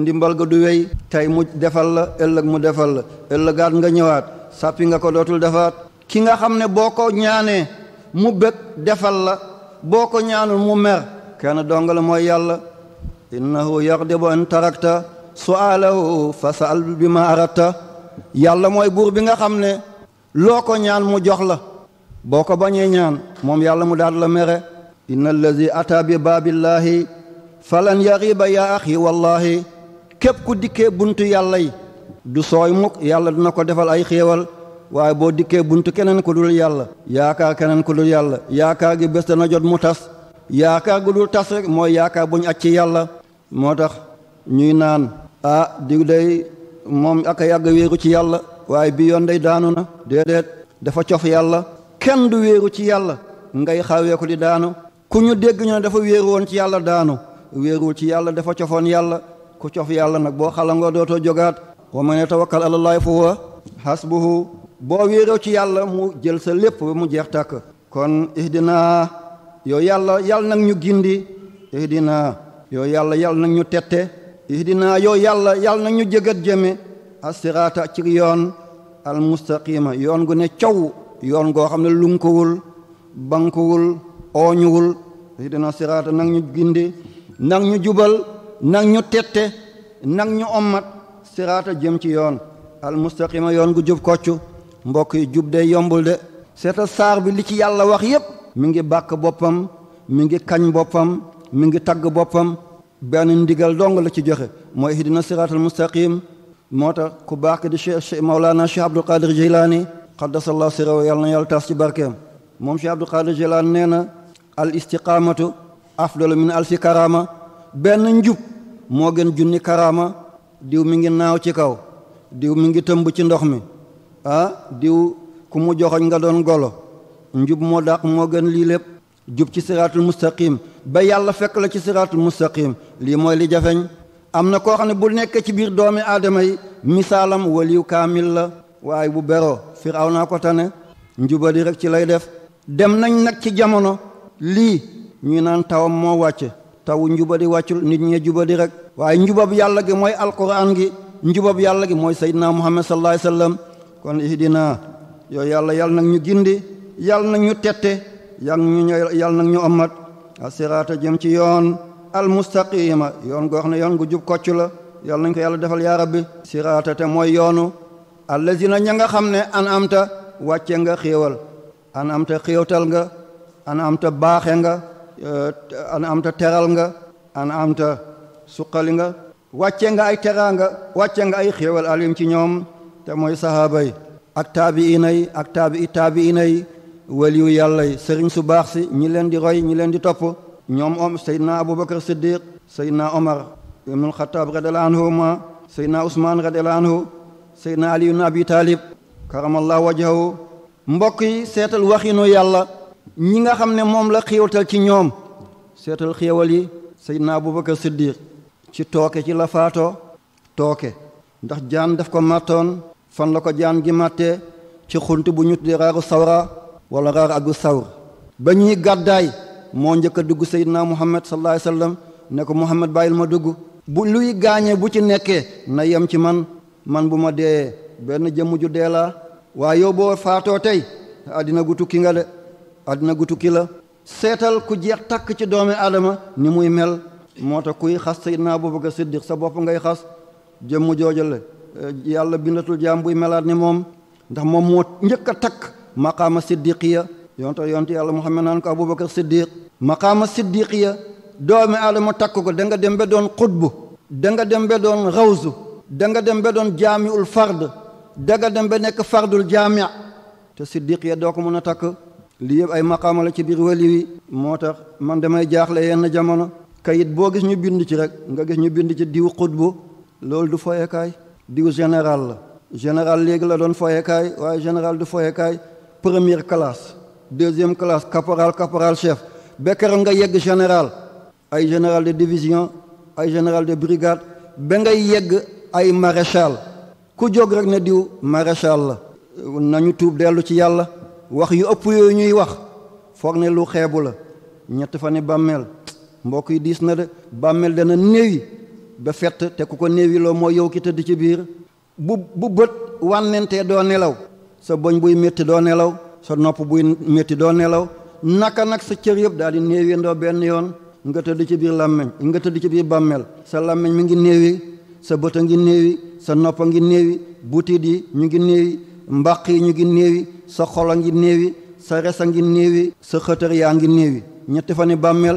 ndimbal ga du wey tey mu defal la ëllëg mu defal la ëllëgaat nga ñëwaat sàppi nga ko dootul defaat ki nga xam ne boo ko ñaanee mu bëgg defal la boo ko ñaanul mu mer kenn dong la mooy yàlla innahu yaxdibu an tarakta su'alahu fa sa'al bi ma aratta yàlla mooy buur bi nga xam ne loo ko ñaan mu jox la boo ko bañee ñaan moom yàlla mu daal la mere inna allazi ata bi baabillaahi falan yariba yaa axi wallaahi képp ku dikkee buntu yàlla yi du sooy mukk yàlla dina ko defal ay xéewal waaye boo dikkee buntu keneen ku dul yàlla yaakaar keneen ku dul yàlla yaakaar gi bés dana jot mu tas yaakaar gu dul tas rek mooy yaakaar bu ñu yàlla moo tax ñuy naan ah di day moom ak a yàgg wéeru ci yàlla waaye bi yoon day daanu na déedéet dafa cof yàlla kenn du wéeru ci yàlla ngay xaweeku di daanu ku ñu dégg ñu ne dafa wéeru woon ci yàlla daanu wéeruwul ci yàlla dafa cofoon yàlla ku cof yàlla na boo xalangoo dootoo jogaat wa man yatawakkal ala llaahi fa huwa hasbuhu boo wéeroo ci yàlla mu jël sa lépp ba mu jeex tàkk kon ihdina yow yàlla yàlla nag ñu gindi ihdina yow yàlla yàlla nag ñu tette ihdinaa yow yàlla yàlla na ñu jëgat jëme asiraata ci yoon almustaqima yoon gu ne coow yoon goo xam ne lunkuwul bankuwul ooñuwul ihdina siraata nang ñu gindi nang ñu jubal nang ñu tette nang ñu ommat siraata jëm ci yoon almustaqima yoon gu jub kocc mbokk yi jub de yombul de seeta saar bi li ci yàlla wax yépp mi ngi bàkk boppam mi ngi kañ boppam mi ngi tagg boppam benn ndigal dong la ci joxe mooy ihdina siraatal mustaqim moo tax ku baax di Cheikh Mawlana Cheikh Abdul Qadir Jilani xaddasallahu siraw yàlla na yàlla taas ci barkeem moom Cheikh Abdul Qadir Jilani nee na al istiqamatu afdalu min alfi karama benn njub moo gën junni karama diw mi ngi naaw ci kaw diw mi ngi tëmb ci ndox mi ah diw ku mu joxoñ nga doon golo njub moo dàq moo gën lii lépp jub ci siraatul mustaqim ba yàlla fekk la ci siraatul mustaqim lii mooy li jafeñ am na koo xam ne bu nekke ci biir doomi aadama yi misaalam waliyu kaamil la waaye bu beroo firaw naa ko tane njubadi rek ci lay def dem nañ nag ci jamono lii ñuy naan tawam moo wàcce taw njubadi wàccul nit ñee di rek waaye njubab yàlla gi mooy alquran gi njubab yàlla gi mooy sayyidina muhammad sallallahu alayhi wasallam kon ihdina yooyu yàlla yàlla nag ñu gindi yàlla nag yal ñu yal nag ñu amat asiraata jëm ci yoon almustaqima yoon goo xam ne yoon gu jub kocc la yal nañ ko yàlla defal yaa rabbi siraata te mooy yoonu na ña nga xam ne an amta wàcce nga xéewal an amta xéewtal nga an amta baaxe nga an amta teral nga an amta suqali nga wàcce nga ay teraanga wàcce nga ay xéewal alim ci ñoom te mooy sahaaba yi ak taabiina yi ak taabii taabiina yi waliyu yàlla yi sëriñ su baax si ñi leen di roy ñi leen di topp ñoom om seydna aboubacar siddiq seydna omar ibnul xataab radiallahu anhuma seydna ousmaan radiallahu anhu seydna ali ibn abi taalib karamallahu wajhahu mbokk yi seetal waxinu yàlla ñi nga xam ne moom la xiiwatal ci ñoom seetal xéewal yi na aboubacar siddiq ci tooke ci la faatoo tooke ndax jaan daf ko màttoon fan la ko jaan gi màttee ci xunt bu ñu tuddee raaru sawra wala raar ak sawr ba ñuy gàddaay moo njëkk a dugg seydina muhammad sallallahu alayhi ne ko muhammad bàyyil ma dugg bu luy gaañee bu ci nekkee na yem ci man man bu ma dee benn jëmm ju dee laa waaye yow boo faatoo tey àddina gu tukki nga de àddina gu tukki la seetal ku jeex takk ci doomi aadama ni muy mel moo tax kuy xas sëydinaa abubakar siddiq sa bopp ngay xas jëmm joojale yàlla bindatul jaam buy melaat ni moom ndax moom moo njëkk a takk maqaama siddiqiya yonte yonte yàlla muhammad naan ko abubakar siddiq maqaama siddiqiya doomi aadama takk ko da nga dem ba doon xutbu da nga dem ba doon rawsu da nga dem ba doon jaamiul fard da dem ba nekk fardul jaami te siddiqiya doo ko mën a takk lii yëpp ay maqaama la ci biir wali wi moo tax man damay jaaxle yenn jamono kayit boo gis ñu bind ci rek nga gis ñu bind ci diw xutbu loolu du foyekaay diw général la général léegi la doon foyekaay waaye général première classe deuxième classe caporal caporal chef ba keroog nga yegg général ay général de division ay général de brigade ba ngay yegg ay maréchal ku jóg rek ne diw maréchal la nañu tuub dellu ci yàlla wax yu ëpp yooyu ñuy wax foog ne lu xeebu la ñett fa ne bàmmeel mbokk yi diis na de bàmmeel dana néewi ba fett te ku ko néewi moo yow ki tëdd ci biir bu bu bët wànnentee doo nelaw sa boñ buy métti doo nelaw sa nopp buy métti doo nelaw naka nag sa cër yëpp daal di néewéndoo benn yoon nga tëdd ci biir làmmeñ nga tëdd ci biir bàmmeel sa làmmeñ mi ngi néewi sa bët a ngi néewi sa nopp a ngi néewi butit yi ñu ngi néewi mbaq yi ñu ngi néewi sa xol a ngi néewi sa res a ngi néewi sa xëtër yaa ngi néewi ñetti fa yi bàmmeel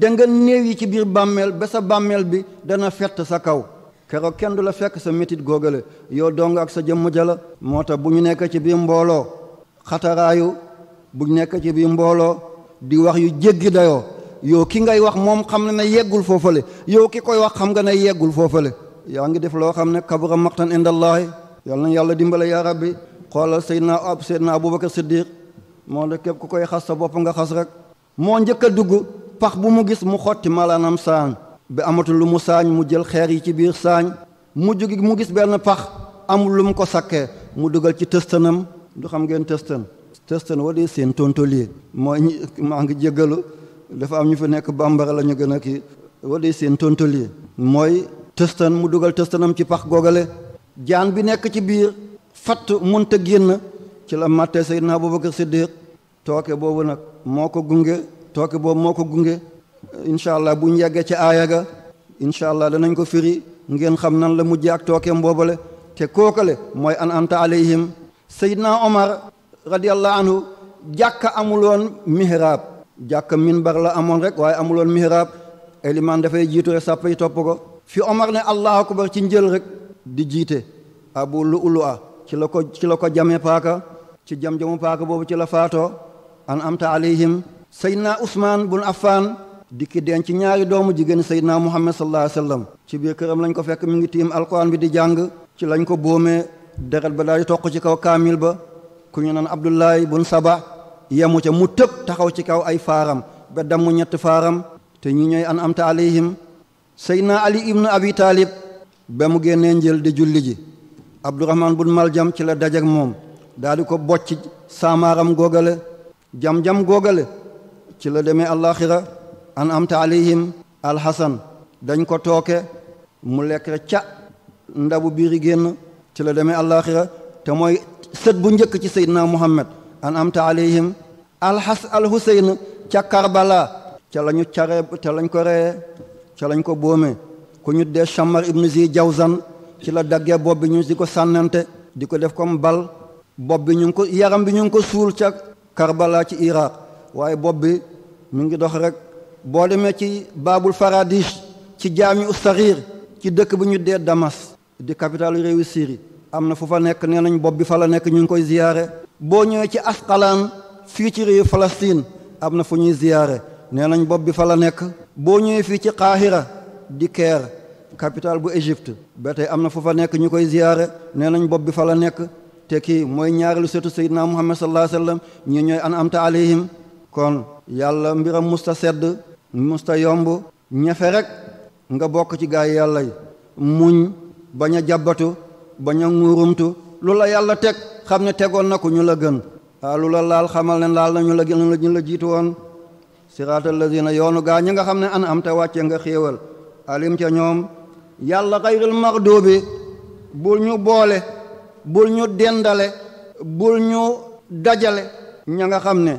dënga nga néew yi ci biir bàmmeel ba sa bàmmeel bi dana fett sa kaw keroog kenn du la fekk sa métit góogale yow dong ak sa jëmm jala moo tax bu ñu nekkee ci biir mbooloo xataraayu bu ñu nekk ci bii mbooloo di wax yu jéggi dayoo yow ki ngay wax moom xam ne yeggul foofale yow ki koy wax xam nga ne yeggul foofale yaa ngi def loo xam ne kabura maqtan indallaahi yal na yàlla dimbale yaa rabbi xoolal naa ab seydna abubakar siddiq moo la képp ku koy xas sa bopp nga xas rek moo njëkk a dugg pax bu mu gis mu xotti malaanam saan bi amatul lu mu saañ mu jël xeer yi ci biir saañ mu jóge mu gis benn pax amul lu mu ko sakkee mu dugal ci tëstanam du xam ngeen tëstan tëstan wa dee seen tontolier mooy maa ngi jéggalu dafa am ñu fi nekk bambara la ñu gën a kii wa dee seen tontolier mooy tëstan mu dugal tëstanam ci pax googale jaan bi nekk ci biir fatt mënta génn ci la màttee Seydina Abubakar Siddiq tooke boobu nag moo ko gunge tooke boobu moo ko gunge incha allah bu ñu yeggee ci aaya ga incha danañ ko firi ngeen xam nan la mujjee ak tookeem boobale te kookale mooy an amta alayhim seydina omar radiallahu anhu jàkka amuloon mihrab jàkka minbar la amoon rek waaye amuloon mihrab eliman dafay jiitu rek sàpp yi topp ko fi omar ne allahu akbar ci njël rek di jiite abu lu ulu a ci la ko ci la ko jame paaka ci jam-jamu paaka boobu ci la faatoo an amta alayhim seydina usman bun affan di ki ci ñaari doomu jigéen Seydina Muhammad sallallahu alayhi wa sallam ci biir këram lañ ko fekk mu ngi tiim alquran bi di jàng ci lañ ko boomee deret ba daal di toq ci kaw kaamil ba ku ñu naan Abdullahi bun Saba yemu ca mu tëb taxaw ci kaw ay faaram ba damm ñett faaram te ñi ñooy an amta alayhim Seydina Ali ibnu Abi Taalib ba mu génnee njël di julli ji Abdurahman bun Maljam ci la dajeg moom daal di ko bocc samaaram googale jam-jam googale ci la demee àllaaxira an amta alayhim alxasan dañ ko tooke mu lekk rek ca ndabu biiri génn ci la demee àllaaxira te mooy sët bu njëkk ci seydina muhammad an amta alayhim alxas alhuseyn ca karbala ca lañu care ca lañ ko reyee ca lañ ko boomee ku ñu dee chamar ibnu zi jawzan ci la daggee bopp bi ñu di ko sànnante di ko def comme bal bopp bi ñu ngi ko yaram bi ñu ngi ko suul ca karbala ci iraq waaye bopp bi mu ngi dox rek boo demee ci baabul faradis ci jaami ustaxir ci dëkk bu ñu dee Damas di capitale réewu Syrie am na fu fa nekk nee nañ bopp bi fa la nekk ñu ngi koy ziyaare boo ñëwee ci Asqalaan fii ci réewu Palestine am na fu ñuy ziyaare nee nañ bopp bi fa la nekk boo ñëwee fii ci Qahira di Caire capitale bu Égypte ba tey am na fu fa nekk ñu koy ziyaare nee nañ bopp bi fa la nekk te kii mooy ñaareelu setu Seydina Muhammad sallallahu alayhi wa sallam ñi ñooy an amta alayhim yàlla mbiram musta sedd musta yomb ñafe rek nga bokk ci gaay yàlla yi muñ bañ a jàbbatu bañ a ŋuurumtu lu la yàlla teg xam ne tegoon na ko ñu la gën waa lu la laal xamal ne laal na ñu la gën ñu la jiitu woon siraatal lazina yoonu gaa ñi nga xam ne an am te wàcce nga xéewal alim ca ñoom yàlla xayril maxduubi bul ñu boole bul ñu dendale bul ñu dajale ña nga xam ne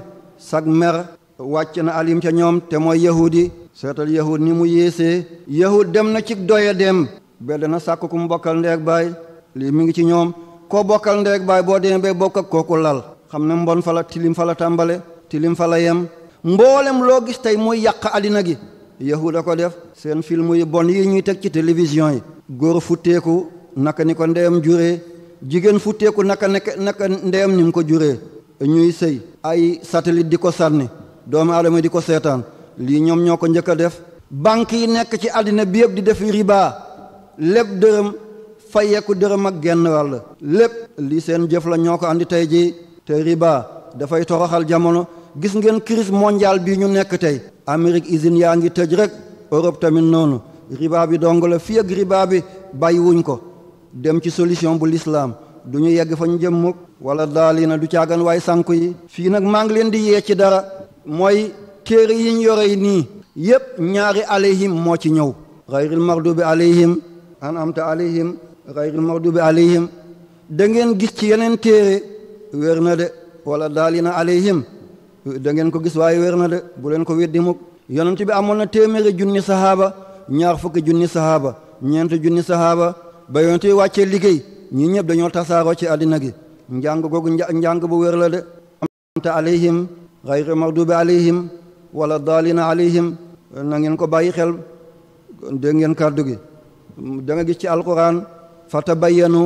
sag mer wàcce na alim ca ñoom te mooy yahudi seetal yahud ni mu yéesee yahud dem na ci doye dem ba na sàkk ku mu bokkal ndeeg baay lii mi ngi ci ñoom koo bokkal ndeeg baay boo demee ba bokk ak kooku lal xam ne mbon fala tilim fala tàmbale tilim fala yem mboolem loo gis tey mooy yàq addina gi yahuda ko def seen film yi bon yi ñuy teg ci télévision yi góor futteeku naka ni ko ndeyam juree jigéen futteeku naka naka naka ndeyam ni ko juree ñuy sëy ay satellite di ko sànni doomu aadama di ko seetaan lii ñoom ñoo ko njëkk a def banque yi nekk ci àddina bi yëpp di def riba lépp dërëm fayeeku dërëm ak genn wàll lépp lii seen jëf la ñoo ko andi tey jii te riba dafay toroxal jamono gis ngeen crise mondiale bii ñu nekk tey Amérique usine yaa ngi tëj rek Europe tamit noonu ribaa bi dong la fii ak riba bi bàyyiwuñ ko dem ci solution bu lislaam duñu yegg fa ñu jëm mukk wala daal na du caagan waay sànku yi fii nag maa ngi leen di yee ci dara mooy téere yiñ yore nii yépp ñaari alayhim moo ci ñëw xayril maxdubi alayhim an amta alayhim xayril maxdubi alayhim da ngeen gis ci yeneen téere wér na de wala daalina alayhim da ngeen ko gis waaye wér na de bu leen ko weddi mukk yonent bi amoon na téeméeri junni sahaaba ñaar fukki junni sahaaba ñeent junni sahaaba ba yonent bi wàccee liggéey ñii ñëpp dañoo tasaaroo ci àddina gi njàng googu njàng bu wér la de amta alayhim xayri magdubi alayhim wala daalina alayhim na ko bàyyi xel dégg ngeen kàddu gi da gis ci alquran fata bayyanu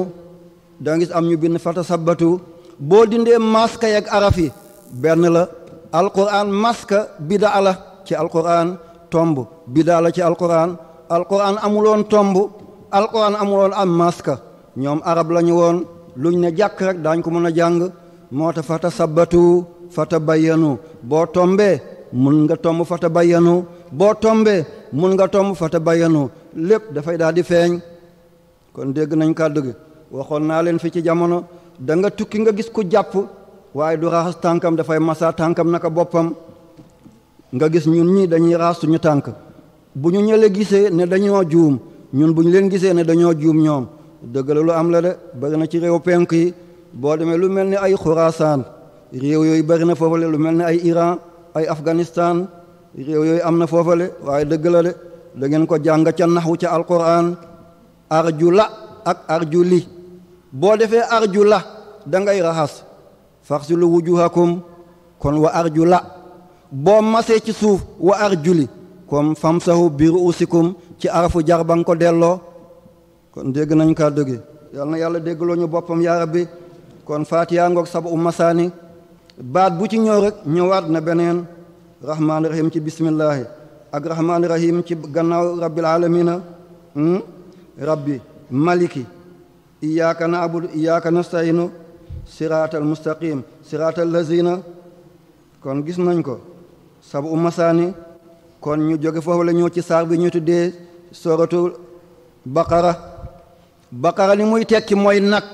da nga gis am ñu bind fata sabbatu boo dindee maska yak araf benn la alquran maska bidaa la ci alquran tomb bidaa la ci alquran alquran amuloon tomb alquran amuloon am maska ñoom arab lañu woon luñ ne jàkk rek daañ ko mën a jàng moo tax fata sabbatu fata bayyanu boo tombee mun nga tomb fata bayyanu boo tombee mun nga tomb fata bayyanu lépp dafay daal di feeñ kon dégg nañ kàddu gi waxoon naa leen fi ci jamono danga nga tukki nga gis ku jàpp waaye du raxas tànkam dafay masa tànkam naka boppam nga gis ñun ñi dañuy raxas suñu tànk bu ñu ñële gisee ne dañoo juum ñun bu leen gisee ne dañoo juum ñoom dëgg am la de bëri na ci réew penk yi boo demee lu mel ni ay xuraasaan réew yooyu bari na foofale lu mel ni ay Iran ay Afghanistan réew yooyu am na foofale waaye dëgg la de da ko jàng ca naxwu ca alquran la ak arjuli boo defee arjula da ngay raxas faxsilu wujuhakum kon wa la boo masee ci suuf wa arjuli comme famsahu bi ruusikum ci arafu jar ba nga ko delloo kon dégg nañ kaa dëgg yal yàlla déggloo ñu boppam yaa bi kon fatiha ngoog sabu u baat bu ci ñëw rek ñëwaat na beneen rahmaani rahim ci bismillaahi ak rahmaani rahim ci gannaaw rabbil alamina hmm? rabbi maliki iyaaka naabudu iyaaka nastayinu siraatal mustaqim siraatal lazina kon gis nañ ko sabu u masaani kon ñu jóge foofu la ñëw ci saar bi ñu tuddee soratu baqara baqara li muy tekki mooy nag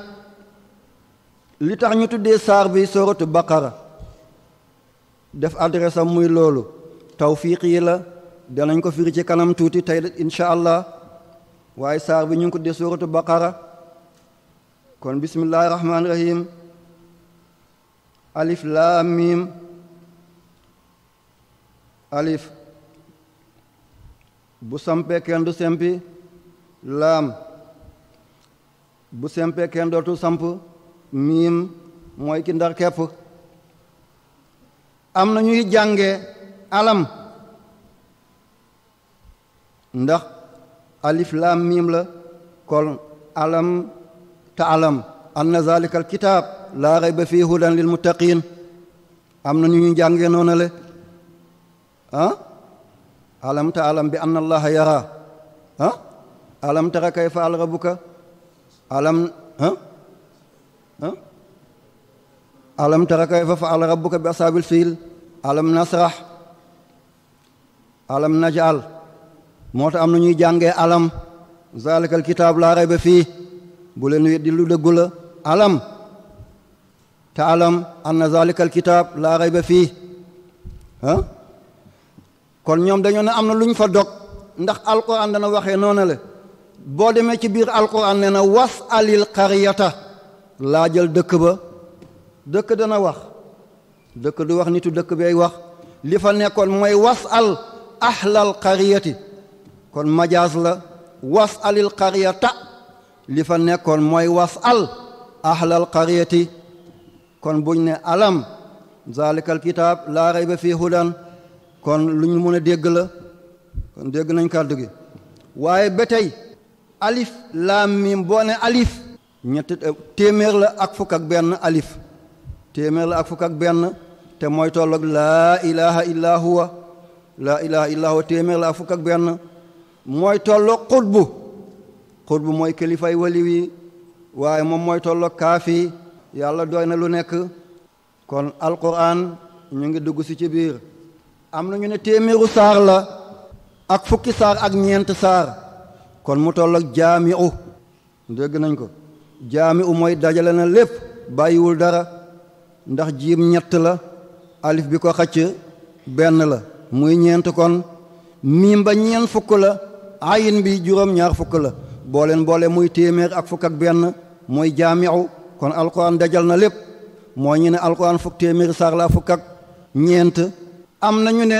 li tax ñu tuddee saar bi sorotu baqara def adresse am muy loolu tawfiq yi la danañ ko firi ci kanam tuuti tey incha allah waaye saar bi ñu ko tuddee sorotu baqara kon bismillahi rahmaani rahim alif laam miim alif bu sampee kenn du sempi laam bu sempee kenn dootul samp miim mooy ki ndar kepp am na ñuy jànge alam ndax alif miim la kon alam taalam anna zalika al kitaab laa rayba fii hudan lil muttaqin am na ñu ñuy jànge noona le ah? alam taalam bi anna allaha yara ah alam tara kayfa al rabbuka alam ah alam tara kayfa fa'ala rabbuka bi ashaabil fiil alam nasrah alam najal moo tax am na ñuy jàngee alam zalikal kitaab laa rayba fii bu leen weddi lu dëggu alam te alam anna zalikal kitaab laa rayba fii kon ñoom dañoo ne am na lu fa dog ndax alquran dana waxee noona la boo demee ci biir alquran ne na was alil qaryata laajal dëkk ba dëkk dana wax dëkk du wax nitu dëkk bi wax li fa nekkoon mooy wasal ahlal qariyati kon majaas la wasalil qariyata li fa nekkoon mooy wasal ahlal qariyati kon buñ ne alam zalikal kitaab laa rayba fii hudan kon lu ñu mën a dégg la kon dégg nañ kàddu gi waaye ba alif laam miim boo alif ñetti euh, téeméer la ak fukk ak benn alif téeméer la ak fukk ak benn te mooy tolloog laa ilaha illa laa ilaha illa huwa téeméer la ak fukk ak benn mooy tolloog xutbu xutbu mooy kilifay waliw waaye moom mooy tolloog kaafi yàlla dooy na lu nekk kon alquran ñu ngi dugg si ci biir am na ñu ne téeméeru saar la ak fukki saar ak ñeent saar kon mu tolloog jaamiu dégg nañ ko jaami u mooy dajale na lépp bàyyiwul dara ndax jiim ñett la alif bi ko xacc benn la muy ñeent kon miim ba ñeent fukk la ayin bi juróom-ñaar fukk la booleen boole muy téeméer ak fukk ak benn mooy jaamiu kon alquran dajal na lépp moo ñu ne alquran fukk téeméeri saar la fukk ak ñeent am nañu ne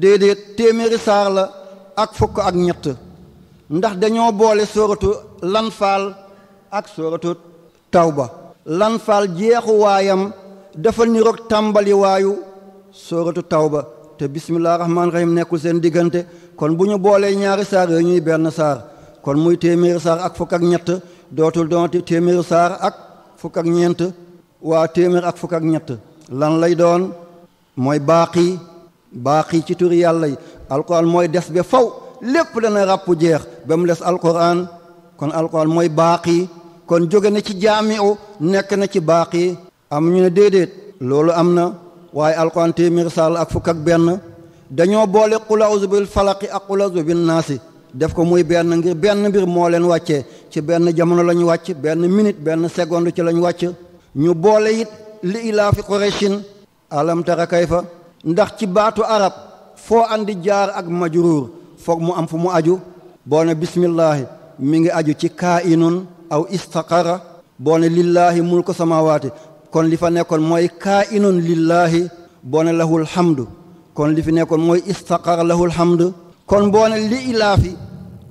déedéet téeméer saar la ak fukk ak ñett ndax dañoo boole sóoratu lanfaal ak sooratu tawba lan faal jeexu waayam dafa niroog tàmbali waayu sooratu tawba te bisimilah rahmaani rahiim nekkul seen diggante kon bu ñu boolee ñaari saar yooyu ñuy benn saar kon muy téeméeri saar ak fukk ak ñett dootul doonati téeméeri saar ak fukk ak ñeent waa téeméer ak fukk ak ñett lan lay doon mooy baaqi baaqi ci turi yàlla yi alquran mooy des ba faw lépp dana ràpp jeex ba mu des alquran kon alquran mooy baaqi kon jóge na ci jaamiu nekk na ci baaqi am ñu ne déedéet loolu am na waaye alquran téeméer saal ak fukk ak benn dañoo boole qul a'uuzu bil falaqi ak qul a'uuzu naasi def ko muy benn ngir benn mbir moo leen wàccee ci benn jamono la ñu wàcc benn minit benn seconde ci la ñu wàcc ñu boole it li ilaafi qurayshin alam tara kayfa ndax ci baatu arab foo andi jaar ak majruur foog mu am fu mu aju boo ne bismillaahi mi ngi aju ci kaa inun aw istaqara boo ne lillaahi mulku samawaati kon li fa nekkoon mooy kaa inun lillaahi boo ne lahul hamdu kon li fi nekkoon mooy istaqara lahul hamdu kon boo ne li ilaafi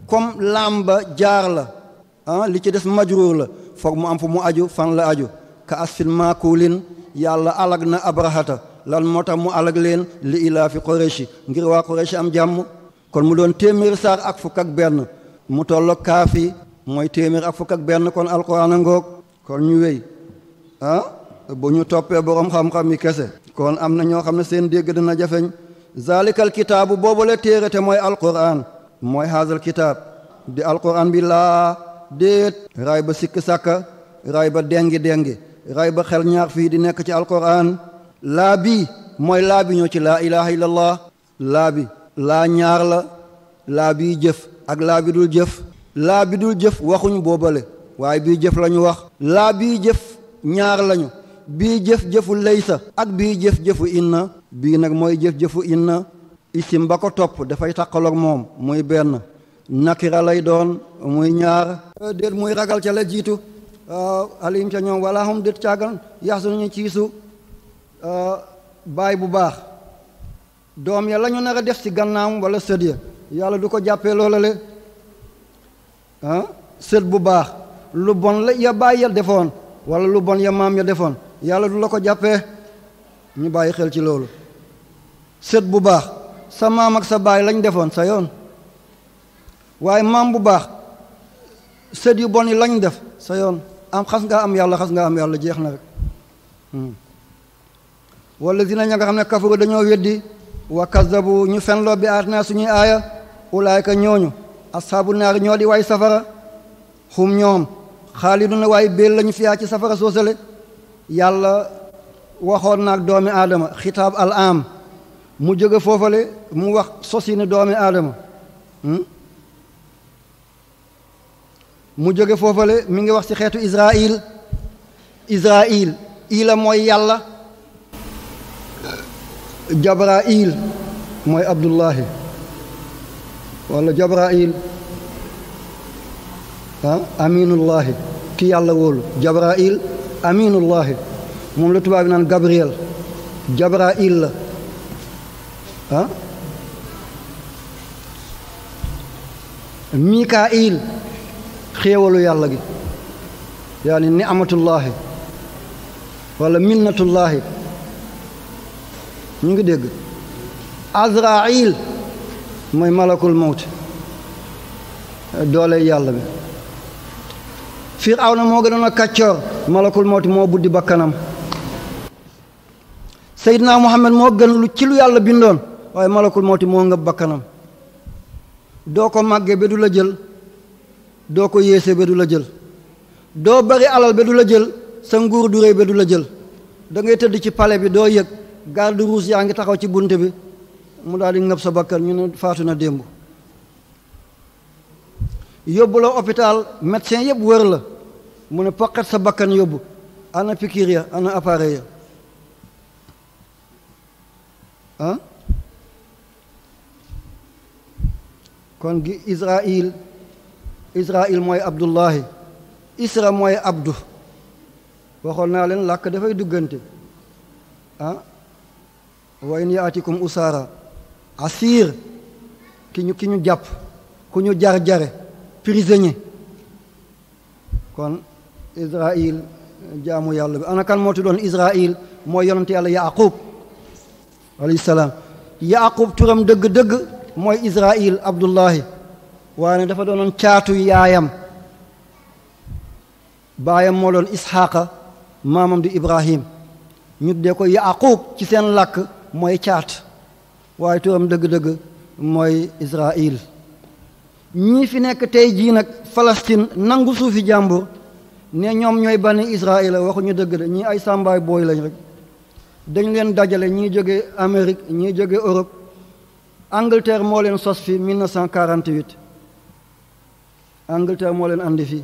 comme laam ba jaar la ah li ci des majruur la foog mu am fu mu aju fan la aju ka asfin maakuulin yàlla alag na abrahata lan moo tax mu alag leen li ilaafi Quraysh ngir waa Quraysh am jàmm kon mu doon téeméeri saar ak fukk ak benn mu tolloog kaafi mooy téeméer ak fukk ak benn kon alquran a ngoog kon ñu wéy ah bu ñu toppee borom xam-xam yi kese kon am na ñoo xam ne seen dégg dina jafeñ zalikal kitaabu boobale téere te mooy alquran mooy haazal kitaab di alquran bi laa déet ray ba sikk sàkka ray ba dengi dengi ray ba xel ñaar fii di nekk ci alquran laa bi mooy laa bi ñoo ci laa ilaha illallah laa bi laa ñaar la laa bi jëf ak laa bi dul jëf laa bi dul jëf waxuñu boobale waaye bii jëf la ñu wax laa bii jëf ñaar lañu bii jëf-jëfu laysa ak bii jëf-jëfu inna bii nag mooy jëf-jëfu inna isim ba ko topp dafay taqaloog moom muy benn nakira lay doon muy ñaar euh, déet muy ragal ca la jiitu euh, alim ca ñoom wala xam déet càggan yaasunuñu ciisu euh, baay bu baax doom ya la ñu nar a def ci gannaam walla sët ya yàlla du ko jàppee loola le ah bu baax lu bon la ya bàyyi ya defoon wala lu bon ya maam ya defoon yàlla du la ko jàppee ñu bàyyi xel ci loolu set bu baax sa maam ak sa baay lañ defoon sa yoon waaye maam bu baax set yu bon yi lañ def sa yoon am xas ngaa am yàlla xas ngaa am yàlla jeex na rek hmm. wala dina ña nga xam ne kafaru dañoo weddi wa kazzabu ñu fenloo bi aatinaa suñuy aaya ulaayka ñooñu asxaabu naari ñoo di waay safara xum ñoom xaalidu na waaye béel lañu fiyaa ci safara soosale yàlla waxoon naag doomi aadama xitaab al am mu jóge foofale mu wax sosini doomi aadama hmm? mu jóge foofale mi ngi wax ci xeetu israil israil ila mooy yàlla jabrail mooy abdullahi wala jabrail ah aminullahi ki yàlla wóolu jabrail aminullahi moom la tubaab bi naan gabriel jabrail la ah mikail xéewalu yàlla gi yaani ni amatullaahi wala minnatullaahi ñu ngi dégg azrail mooy malakul mawt doole yàlla bi na moo gën a kàccoor malakul mawt moo buddi bakkanam seydina muhammad moo gën lu ci lu yàlla bindoon waaye malakul mawti moo ngëb bakkanam doo ko màggee ba du la jël doo ko yéese ba du la jël doo bari alal ba du la jël sa nguur du réy ba du la jël da ngay tëdd ci pale bi doo yëg garde rouge yaa ngi taxaw ci bunt bi mu daal di ngëb sa bakkan ñu ne faatu na démb yóbbu la hôpital médecin yëpp wër la mu ne poqet sa bakkan yóbbu ana piqûre ya ana appareil ya ah kon gi israil israil mooy abdullahi isra mooy abdu waxoon naa leen làkk dafay duggante wa in yaatikum usaara asir ki ñu ki ñu jàpp ku ñu jar-jare kon israil jaamu yàlla bi ana kan moo tuddoon israil mooy yonante yàlla yaqub alayhi salaam yaqub turam dëgg-dëgg mooy israil abdullahi waaye ne dafa doonoon caatu yaayam baayam moo doon isxaaqa maamam di ibrahim ñu dee ko yaqub ci seen làkk mooy caat waaye turam dëgg-dëgg mooy Israël ñii fi nekk tey jii nag falastin nangu suufi jàmbur ne ñoom ñooy bani Israël waxuñu dëgg de ñii ay sambaay booy lañ rek dañ leen dajale ñii jóge Amérique ñii jóge Europe Angleterre moo leen sos fi 1948 Angleterre moo leen andi fi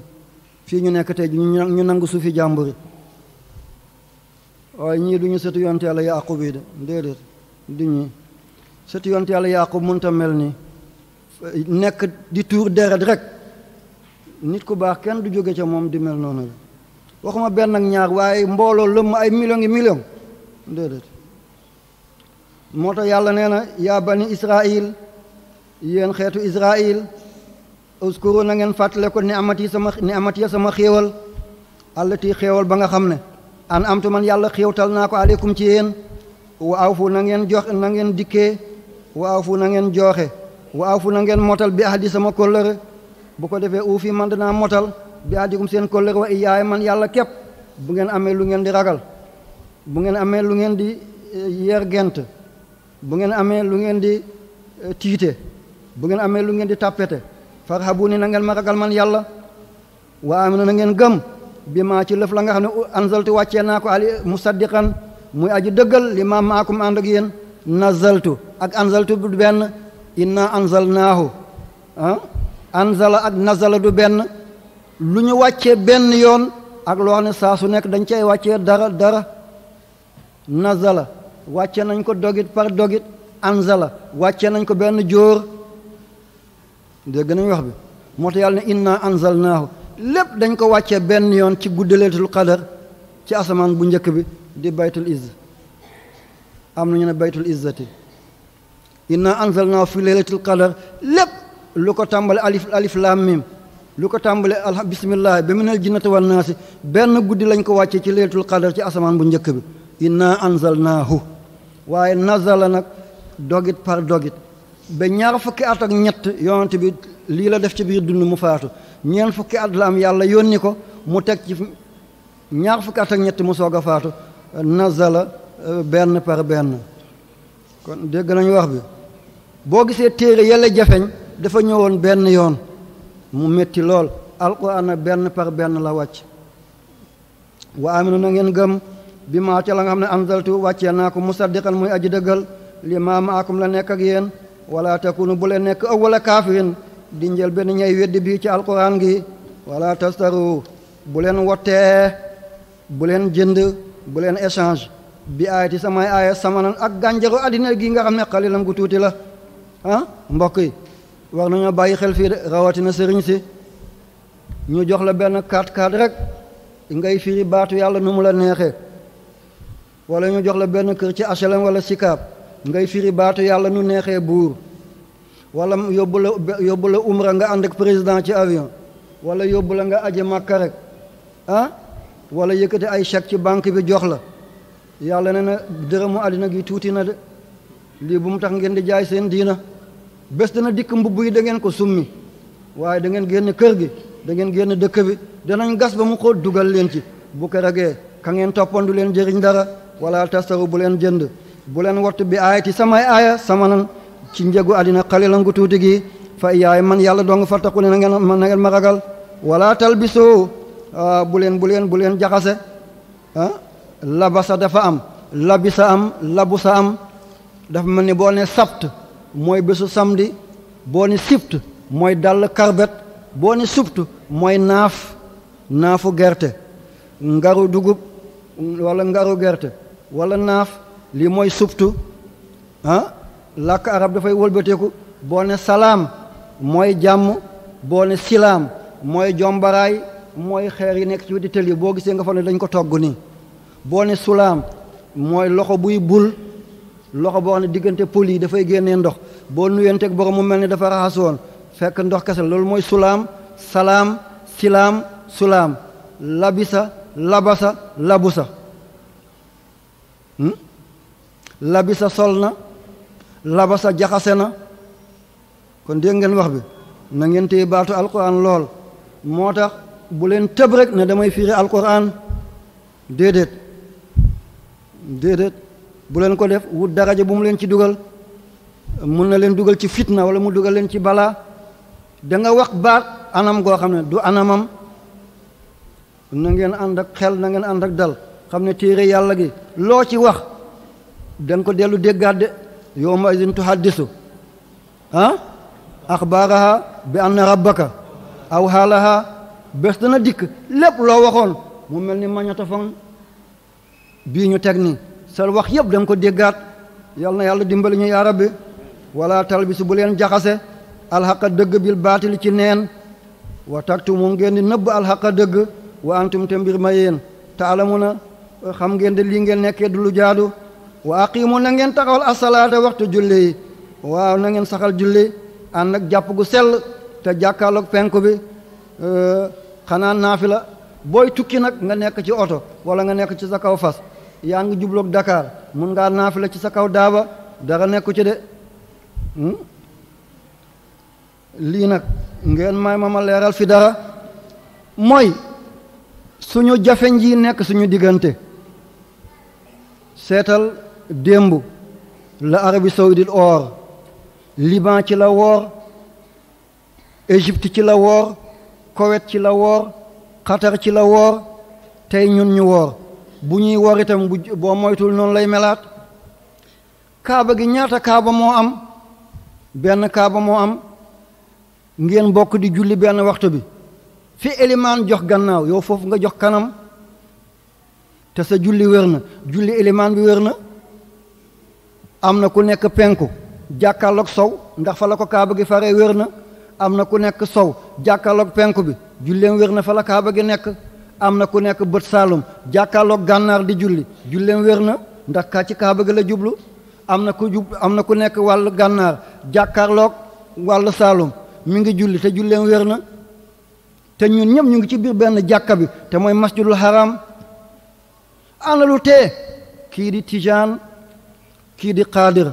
fii ñu nekk tey ñu nangu suufi jàmbur yi waaye ñii du ñu sëtu yonte yàlla yaqub yi de déedéet du ñii sëtu yonte yàlla yaqub mënta mel nii nekk di tuur deret rek nit ku baax kenn du jóge ca moom di mel noonu la waxuma benn ak ñaar waaye mbooloo lëmm ay millions yi millions déedéet moo tax yàlla nee na yaa bani israil yéen xeetu israil uskuru na ngeen fàttale ko ni amati sama ni amati sama xéewal allati xéewal ba nga xam ne an amtu man yàlla xéewtal naa ko aleykum ci yéen wa aw fu na ngeen jox na ngeen dikkee wa aw fu na ngeen jooxe wa aw fu na motal bi di sama kóllëre bu ko defee uufi man danaa motal bi ahdikum seen kóllëre wa iyaay man yàlla képp bu ngeen amee lu ngeen di ragal bu ngeen amee lu ngeen di eh, yeer gent bu ngeen amee lu ngeen di eh, tiite bu ngeen amee lu ngeen di tàppete farhabu ni na ma ragal man yàlla waa am na na gëm bi maa ci lëf la nga xam ne anzaltu wàccee naa ko ali musaddiqan muy aji dëggal li ma maakum ànd ak yéen nazaltu ak anzaltu du benn inna anzalnaahu ah anzala ak nazala du benn lu ñu wàccee benn yoon ak loo xam ne saa su nekk dañ cay wàcce dara dara nazala wàcce nañ ko dogit par dogit anzala wàcce nañ ko benn jóor dégg nañ wax bi moo tax yàlla ne inna anzalnaahu lépp dañ ko wàccee benn yoon ci guddaleetul qadar ci asamaan bu njëkk bi di baytul izz am nañu ne baytul izzati inna anzalnaa fi laylatul qadar lépp lu ko tàmbale alif alif laam lu ko tàmbale alha bismillah ba minal jinnati wan naasi benn guddi lañ ko wàccee ci laylatul qadar ci asamaan bu njëkk bi inna anzalnaahu waaye nazala nag dogit par dogit ba ñaar fukki at ak ñett yonent bi lii la def ci biir dund mu faatu ñeent fukki at la am yàlla yónni ko mu teg ci ñaar fukki at ak ñett mu soog a faatu nazala euh, benn par benn kon dégg nañu wax bi boo gisee téere yàlla jafeñ dafa ñëwoon benn yoon mu metti lool alquran benn par benn la wàcc wa aminu na ngeen gëm bi maa ca la nga xam ne anzaltu wàccee naa ko musaddiqan muy aji dëggal li maa maakum la nekk ak yéen wala takunu bu leen nekk awwala kaafirin di njël benn ñay weddi bi ci alquran gi wala tastaru bu leen wottee bu leen jënd bu leen échange bi aayati samay aaya samanan ak gànjaru àddina gi nga xam ne xalilam gu tuuti la ah mbokk yi war nañoo bàyyi xel fii rawatina sëriñ si ñu jox la benn kaat kaat rek ngay firi baatu yàlla nu mu la neexee walla ñu jox la benn kër ci HLM wala sikaab ngay firi baatu yàlla nu neexee buur wala yóbbu la yóbbu la umra nga ànd ak président ci avion wala yóbbu la nga aje màkka rek ah wala yëkkati ay chèque ci banque bi jox la yàlla ne na dërëmu àddina gi tuuti na de lii bu mu tax ngeen di jaay seen diina bés dana dikk mbubb yi da ngeen ko summi waaye da ngeen génn kër gi da ngeen génn dëkk bi danañ gas ba mu ko dugal leen ci bu ko ragee ka ngeen toppandu leen jëriñ dara wala tastaru bu leen jënd bu leen wattu bi aayati samay aaya sama nan ci njëgu àddina xalilan gu tuuti gi fa yaay man yàlla dong fartaqu ne na ngeen na ngeen ma ragal wala talbisu ah, bu leen bu leen bu leen jaxase ah labasa dafa am labisa am labusa am dafa mel ni boo ne sabt mooy bésu samedi boo ne sibt mooy dàll karbet boo ne subt mooy naaf naafu gerte ngaru dugub walla ngaru gerte walla naaf lii mooy subtu ah, làkk arab dafay wëlbateeku boo ne salaam mooy jàmm boo ne silaam mooy jombaraay mooy xeer yi nekk ci weti tël yi boo gisee nga fa ne dañ ko togg nii boo ne sulaam mooy loxo buy bul loxo boo xam ne diggante pël yi dafay génnee ndox boo nuyenteek borom mu mel ni dafa raxasoon fekk ndox kese loolu mooy sulaam salaam silaam sulaam labisa labasa labusa hmm? labisa sol na labasa jaxase na kon dégg ngeen wax bi na ngeen téye baatu alquran lool moo tax bu leen tëb rek ne damay fiiri alquran déedéet déedéet bu leen ko def wut daraja bu mu leen ci dugal mun na leen dugal ci fitna wala mu dugal leen ci balaa danga wax baat anam goo xam ne du anamam na ngeen ànd ak xel na ngeen ànd ak dal xam ne téere yàlla gi loo ci wax dañ ko dellu déggaat de yowma idin tuhaddisu ah axbaaraha bi anna rabbaka aw xaalaha bés dana dikk lépp loo waxoon mu mel ni magnétophone bii ñu teg nii seen wax yépp danga ko déggaat yal na yàlla dimbali ñu yaa rabbi wala talbisu bu leen jaxase alxaqa dëgg bil baatili ci neen wa taktu mu ngeen di nëbb alxaqa dëgg wa antum te mbir ma yéen taalamu na xam ngeen di lii ngeen nekkee du lu jaadu wa aqimu na ngeen taxawal asalaata waxtu julli yi waaw nangeen saxal julli ànd ak jàpp gu sell te jàkkaarloog penku bi xanaa naafila booy tukki nag nga nekk ci oto wala nga nekk ci sa kaw fas yaa ngi jubloog Dakar mun ngaa naafila ci sa kaw daaba dara nekku ci de hmm? lii nag ngeen may ma ma leeral fi dara mooy suñu jafeñ ji nekk suñu diggante seetal démb la Arabie saoudite or Liban ci la woor Égypte ci la woor Koweït ci la woor Qatar ci la woor tey ñun ñu woor bu ñuy woor itam bu boo moytu noonu lay melaat kaaba gi ñaata kaaba moo am benn kaaba moo am ngeen bokk di julli benn waxtu bi fi élimaan jox gannaaw yow foofu nga jox kanam te sa julli wér na julli élimaan bi wér na am na ku nekk penku jàkkaarloog sow ndax fa la ko kaaba gi faree wér na am na ku nekk sow jàkkaarloog penku bi julleem wér na fa la kaaba gi nekk am na ku nekk bët saalum jàkkaarloog gànnaar di julli julleem wér na ndax ka ci kaaba gi la jublu am na ku jub am na ku nekk wàll gànnaar jàkkaarloog wàllu saalum mi ngi julli te julleem wér na te ñun ñëpp ñu ngi ci biir benn jàkka bi te mooy masjidul haram ana tee kii di tijaan kii di xaadir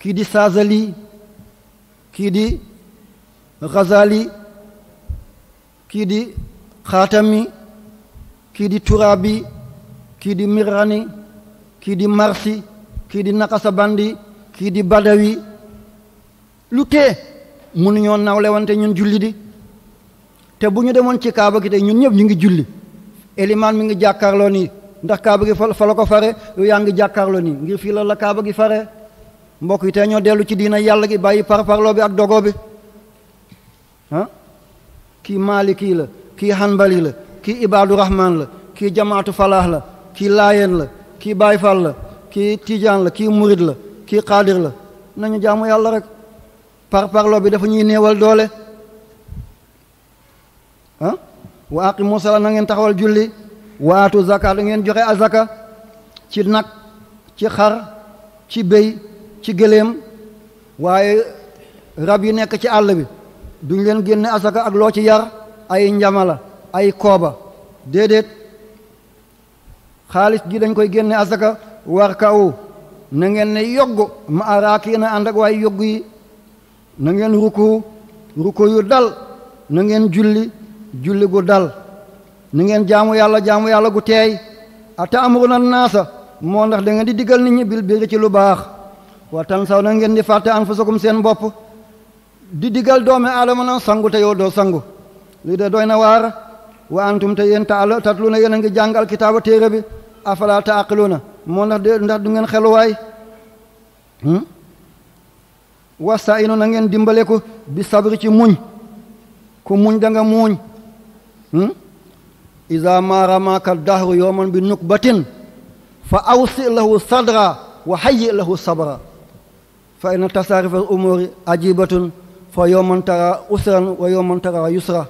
kii di saazali kii di xazali kii di xaatami kii di turabi kii di mirani kii di marsi kii di naqasabandi kii di badawi lu tee mënuñoo nawle wante ñun julli di te bu ñu demoon ci kaaba ki tey ñun ñëpp ñu ngi julli elimaan mi ngi jàkkaarloo nii ndax kaaba gi fa la ko fare yow yaa ngi jàkkaarloo nii ngir fii la la kaaba gi fare mbokk yi tey ñoo dellu ci diina yàlla gi bàyyi parparloo bi ak dogo bi ah kii maaliki la kii hanbali la kii ibaadu rahman la kii jamaatu falaax la kii laayeen la kii bayfal la kii tijaan la kii murid la kii qaadir la nañu jaamu yàlla rek parparloo bi dafa ñuy néewal doole ah wa aqimu sala na ngeen taxawal julli waatu zakaat ngeen joxe azaka ci nag ci xar ci béy ci gëléem waaye rab yi nekk ci àll bi duñ leen génne azaka ak loo ci yar ay njamala ay kooba déedéet xaalis gi dañ koy génne azaka war kaw na ngeen ne yogg ma araaki na ànd ak waaye yogg yi na ngeen rukku rukku yu dal na ngeen julli julli gu dal ni ngeen jaamu yàlla jaamu yàlla gu teey ata amuruna naasa moo ndax da ngeen di digal nit ñi bil birri ci lu baax wa tan saw na ngeen di fàtte anfusakum seen bopp di diggal doomi aadama na sangu te yow doo sangu lii de doy na waar wa antum te yen taal tatlu na yéen a ngi jàng alkitaaba téere bi afala taaqiluuna moo ndax de ndax du ngeen xeluwaay hmm? wasta inu na ngeen dimbale ko bi sabri ci muñ ku muñ da nga muuñ hmm? ida maaramaaka dahru yowman bi nukbatin fa awsi lahu sadra wa hayyi lahu sabra fa inna tasaarif al umuri ajibatun fa yowman tara usran wa yowman tara yusra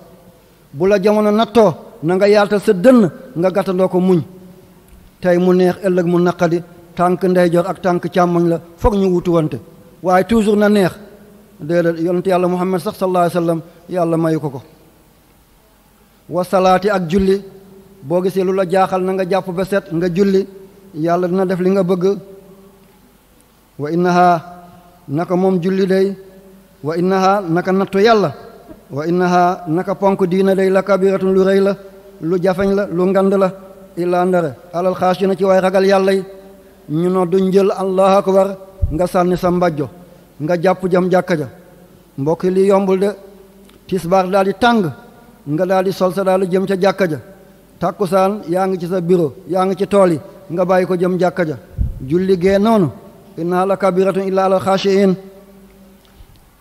bu la jamono nattoo na nga yaatal sa dënn nga gàttandoo ko muñ tey mu neex ëllëg mu naqadi tànk ndeyjoor ak tànk càmmoñ la foog ñu wutu wante waaye toujours na neex déedéet yonent yàlla muhammad sax sallallahu wa sallam yàlla mayu ko ko wa salaati ak julli boo gisee lu la jaaxal na nga jàpp ba set nga julli yàlla dina def li nga bëgg wa na naka moom julli day wa na naka nattu yàlla wa na naka ponk diina day la kabiratun lu rëy la lu jafeñ la lu ngand la illaa ndare alal xaasi na ci waay ragal yàlla yi ñu no duñ jël allahu nga sànni sa mbajjo nga jàpp jam jàkka ja mbokk li yombul de tisbaar daal di tàng nga daal di sol sa daal jëm ca jàkka ja tàkkusaan yaa ngi ci sa biro yaa ngi ci tool yi nga bàyyi ko jëm jàkka ja julli gee noonu inna la kabiratun illa ala xaashiin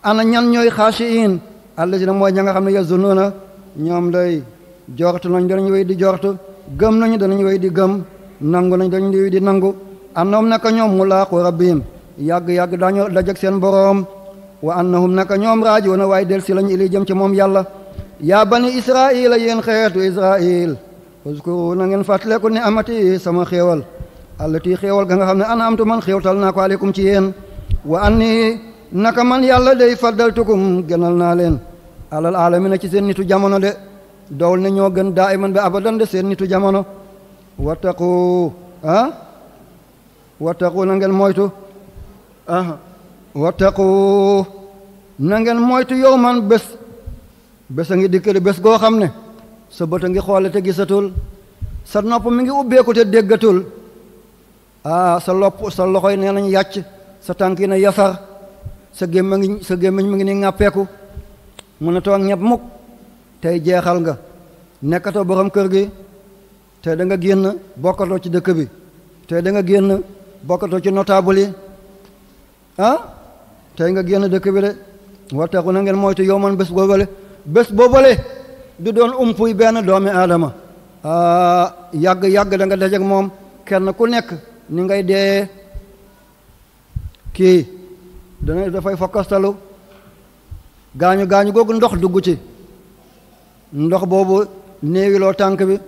ana ñan ñooy xaashiin allazina mooy ña nga xam ne yazunuuna ñoom day jortu nañ danañu wéy di jortu gëm nañu danañu wéy di gëm nangu nañ danañu wéy di nangu annahum naka ñoom mu mulaaqu rabbihim yàgg-yàgg dañu dajeg seen boroom wa annahum naka ñoom raaji'uuna waaye del si lañu ili jëm ci moom yàlla yaa bani israil a yéen xeetu israil uskuru na ngeen fàttaleku ne amati sama xéewal allati xéewal ga nga xam ne ana amtu man xéewtal naa ko aleykum ci yéen wa anni naka man yàlla day faddaltukum gënal naa leen alal alamina ci seen nitu jamono de dowl ne ñoo gën daa man ba abadan de seen nitu jamono wattaqu ah wattaqu na ngeen moytu ah wattaqu na moytu yow man bés bés a ngi dikkali bés goo xam ne sa bët a ngi xoole te gisatul sa nopp mi ngi ubbeeku te déggatul aa ah, sa lopp sa loxoy nee nañ yàcc sa tànk na yasar sa gémma sa gémmiñ mu ngi ni ŋàppeeku mën a toog ñepp mukk tey jeexal nga nekkatoo borom kër gi tey danga génn bokkatoo ci dëkk bi tey danga génn bokkatoo ci notable yi ah tey nga génn dëkk bi de waxtaku na ngeen moytu yow man bés googale bés boobale du doon umpuy benn doomi aadama ah, yàgg-yàgg danga nga dajeg moom kenn ku nekk ni ngay dee kii dana dafay fakkastalu gaañu gaañu googu ndox dugg ci ndox boobu néewiloo tànk bi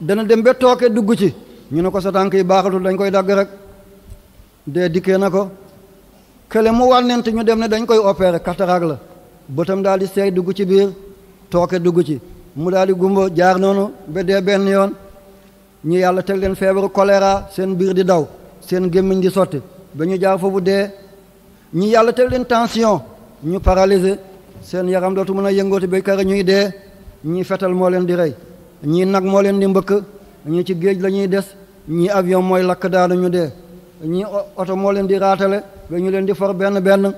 dana dem ba tooge dugg ci ñu ne ko sa tànk yi baaxatul dañ koy dagg rek dee dikkee na ko kële mu wànnent ñu dem ne dañ koy opérer cataracte la bëtam daal di seey dugg ci biir tooke dugg ci mu daal di gumba jaar noonu ba dee benn yoon ñu yàlla teg leen feebaru choléra seen biir di daw seen gémmiñ di sotti ba ñu jaar foofu dee ñu yàlla teg leen tension ñu paralysé seen yaram dootu mën a yëngooti ba kara ñuy dee ñii fetal moo leen di rey ñii nag moo leen di mbëkk ñii ci géej la ñuy des ñii avion mooy lakk daanu ñu dee ñii oto moo leen di raatale ba ñu leen di for benn benn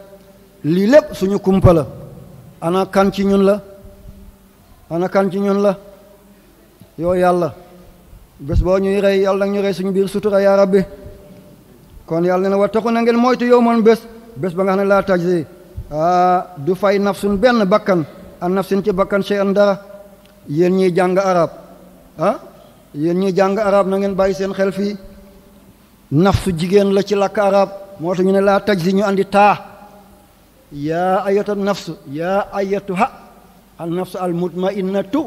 lii lépp suñu kumpa ana kan ci ñun la ana kan ci ñun la yow yàlla bés boo ñuy rey yàlla nag ñu rey suñu biir sutura yaa rabbi kon yàlla wa wattaqu na ngeen moytu yow man bés bés ba nga xam ne laa tajzi ah, du fay nafsun benn bakkan an nafsin ci bakkan shay'an dara yéen ñiy jàng arab ah yéen ñiy jàng arab na ngeen bàyyi seen xel fii su jigéen la ci làkk arab moo tax ñu ne laa tajzi ñu andi taa yaa ayatu nafsu yaa ayatuha al nafsu al mutmainnatu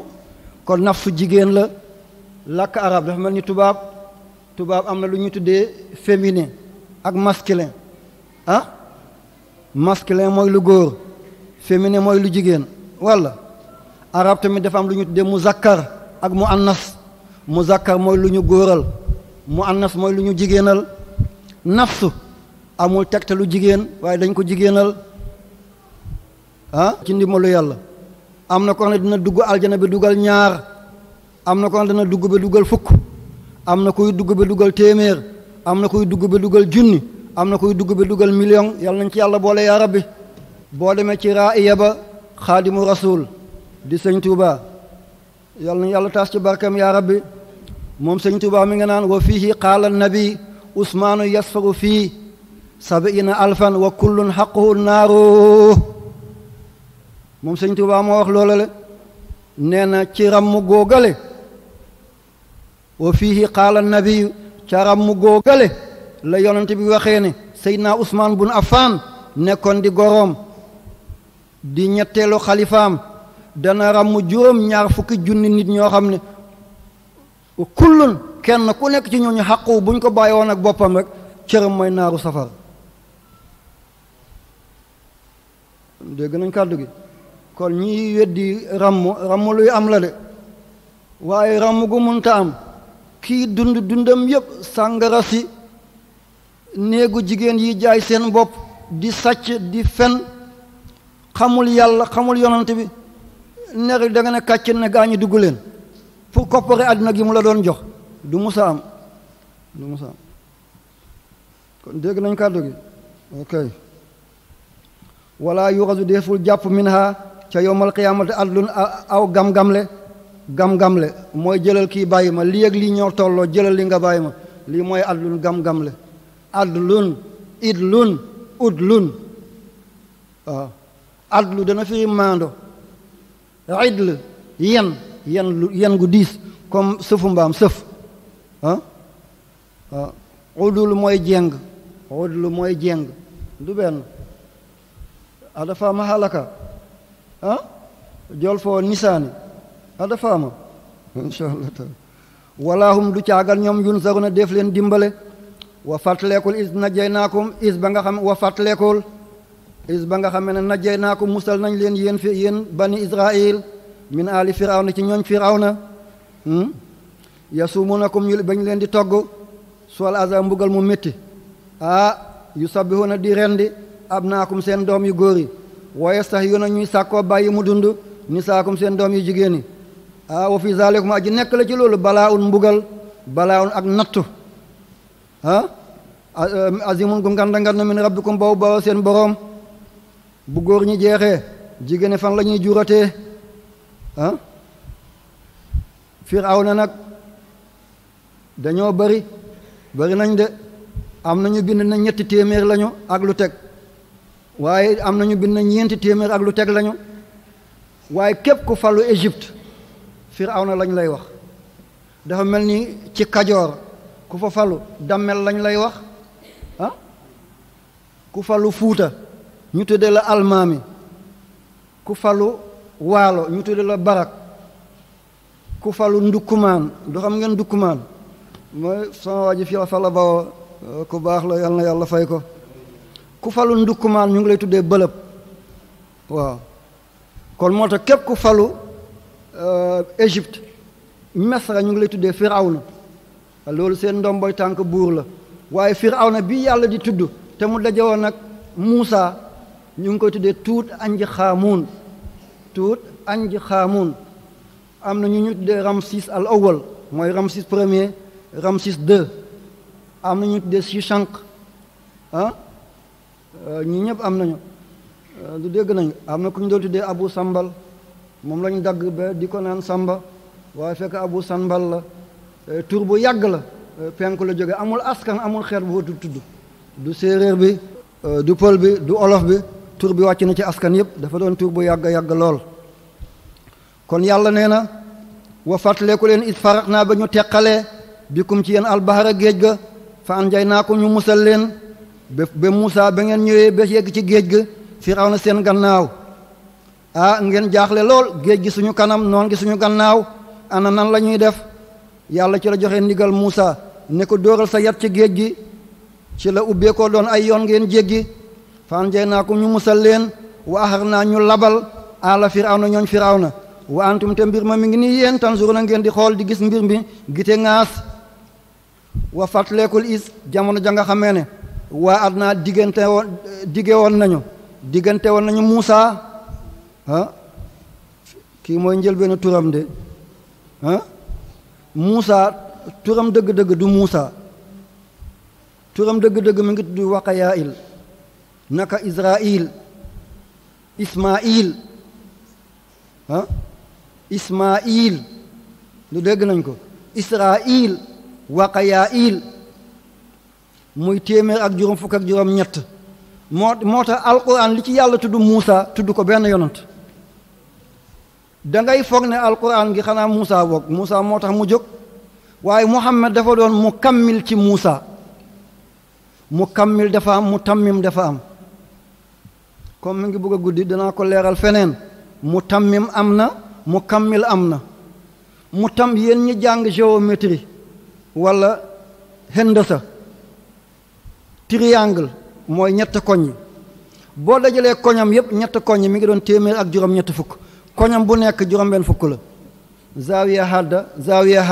kon nafsu jigéen la lakk arab dafa mel ni tubaab tubaab am na lu ñu tuddee féminin ak masculin ah masculin mooy lu góor féminin mooy lu jigéen walla arab tamit dafa am lu ñu tuddee muzakkar ak mu annas muzakkar mooy lu ñu góoral mu annas mooy lu ñu jigéenal nafsu amul tegte lu jigéen waaye dañ ko jigéenal ah ci ndimbalu yàlla am na ko xam dina dugg aljana bi dugal ñaar am na ko xam ne dina dugg ba dugal fukk am na kuy dugg ba dugal téeméer am na kuy dugg ba dugal junni am na kuy dugg ba dugal million yàlla nañ ci yàlla boole yaa rabbi boo demee ci raaya ba xaadimu rasul di sëñ Tuuba yàlla nañ yàlla taas ci barkam yaa rabbi moom sëñ Tuuba mi nga naan wa fii qaala nabi usmaanu yasfaru fii sabiina alfan wa kullun xaquhu naaru moom sëñ Tuubaa moo wax loola la nee na ci ràmm góogale wa fiihi qaala nabiyu ca ràmm góogale la yonent bi waxee ne Seydina Usmaan bun Affaan nekkoon di goroom di ñetteelu xalifaam dana ràmm juróom ñaar fukki junni nit ñoo xam ne kullun kenn ku nekk ci ñooñu xàquwu buñ ko bàyyi woon ak boppam rek cëram mooy naaru safar dégg nañ kàddu gi kon ñi weddi ram ràmm luy am la de waaye ràmm gu munta am kii dund dundam yëpp sàngara si néegu jigéen yi jaay seen bopp di sàcc di fen xamul yàlla xamul yonante bi neri da nga ne kàcc ne gaa dugg leen pour coppare àddina gi mu la doon jox du musa am du musa am kon dégg nañ kàddu gi ok wala yuxasu deful jàpp min ca yowmal qiyaamati addun aw gam-gamle gam-gamle mooy jëlal kii bàyyi ma li ak lii ñoo tolloo jëlal li nga bàyyi ma lii mooy addun gam-gamle addlun idlun udlun waaw adlu dana firi maando idl yen yen lu yen gu diis comme sëfu mbaam sëf ah waaw mooy jeng udlu mooy jeng du benn a ah, dafa ah jol foo nisaani ada ah, faama insha allah taala walaahum du caagal ñoom yun saru na def leen dimbale wa fàttaleekul is najjay naakum is ba nga xam wa fàttaleekul is ba nga xamee ne najjay naakum musal nañ leen yéen fi yéen bani israil min aali firawna ci ñooñ firawna hmm? yasumunakum ñu bañ leen di togg sual aza mbugal mu metti ah yu sabbihuna di rendi ab naakum seen doom yu góor yi waaye sax yoon ñuy sàkkoo bàyyi mu dund ni saakum seen doom yu jigéen ñi ah wa fi zaalikum aji nekk la ci loolu balaa un mbugal balaa un ak nattu ah, ah azimun gu nganda nganda min rabbikum baw baw seen boroom bu góor ñi jeexee jigéen fan la ñuy juratee ah Firawna nag dañoo bari bari nañ de am nañu bind na ñetti téeméer lañu ak lu teg waaye am nañu bind ñeenti téeméer ak lu teg lañu waaye képp ku falu Égypte Firawna lañ lay wax dafa mel ni ci Kajoor ku fa falu Dammel lañ lay wax ah? ku falu Fuuta ñu tuddee la Almaami ku falu Waalo ñu tuddee la Barak ku falu Ndukkumaan du xam ngeen Ndukkumaan mooy sama fi la fala bawoo ku baax la yal yàlla fay ko ku falu ndukkumaan ñu ngi lay tuddee bëlëb waaw kon moo tax képp ku falu euh, Égypte Mesra ñu ngi lay tuddee Firawna loolu seen ndomboy tànk buur la waaye Firawna bi yàlla di tudd te mu daje woon nag Muusa ñu ngi koy tuddee tuut anji xaamuun tuut anji xaamuun am na ñu ñu tuddee Ramsis al awwal mooy Ramsis premier Ramsis deux am na ñu tuddee Shishànq ah Euh, ñi ñëpp am nañu euh, du dégg nañu am na ku ñu doon tuddee abu sambal moom lañu dagg ba di ko naan samba waaye fekk abu sambal la euh, tur bu yàgg la penku la jóge amul askan amul xeet bu du tudd du séeréer bi du pël bi du olof bi tur bi wàcc na ci askan yëpp dafa doon tur bu yàgg yàgg lool kon yàlla nee na wa fàttaleeku leen it farak naa ba ñu teqalee bikum ci yéen albahara géej ga fa anjay naa ko ñu musal leen ba ba Moussa ba ngeen ñëwee ba yegg ci géej ga Firawna seen gannaaw ah ngeen jaaxle lool géej gi suñu kanam noon gi suñu gannaaw ana nan la ñuy def yàlla ci la joxe ndigal Moussa ne ko dóoral sa yat ci géej gi ci la ubbee koo doon ay yoon ngeen jéggi fan jey naa ko ñu musal leen wa axar naa ñu labal ala Firawna ñooñ Firawna wa antum te mbir ma mi ngi nii yéen tanzuru na ngeen di xool di gis mbir mi gite ŋaas wa fàtleekul is jamono ja nga ne waa adnaa diggante woon woon nañu diggante woon nañu Muusa ah kii mooy njëlbeenu turam de ah Muusa turam dëgg-dëgg du Muusa turam dëgg-dëgg mi ngi tudd Waqayaa'il naka Israa'iil Ismaa'il ah Ismaa'il lu dégg nañ ko Israa'iil Waqayaa'il muy téeméer ak juróom fukk ak juróom ñett moo moo tax alquran li ci yàlla tudd Muusa tudd ko benn yonant dangay foog ne alquran gi xanaa Muusa boog Muusa moo tax mu jóg waaye Muhammad dafa doon mu kammil ci Muusa mu kammil dafa am mu tammim dafa am comme mi ngi bëgg a guddi danaa ko leeral feneen mu tammim am na mu kammil am na mu tam yéen ñi jàng géométrie wala hendasa triangle mooy ñett koñ boo dajalee koñam yëpp ñett koñ yi mi ngi doon téeméer ak juróom-ñett fukk koñam bu nekk juróom-benn fukk la zaawiya hadda zaawiya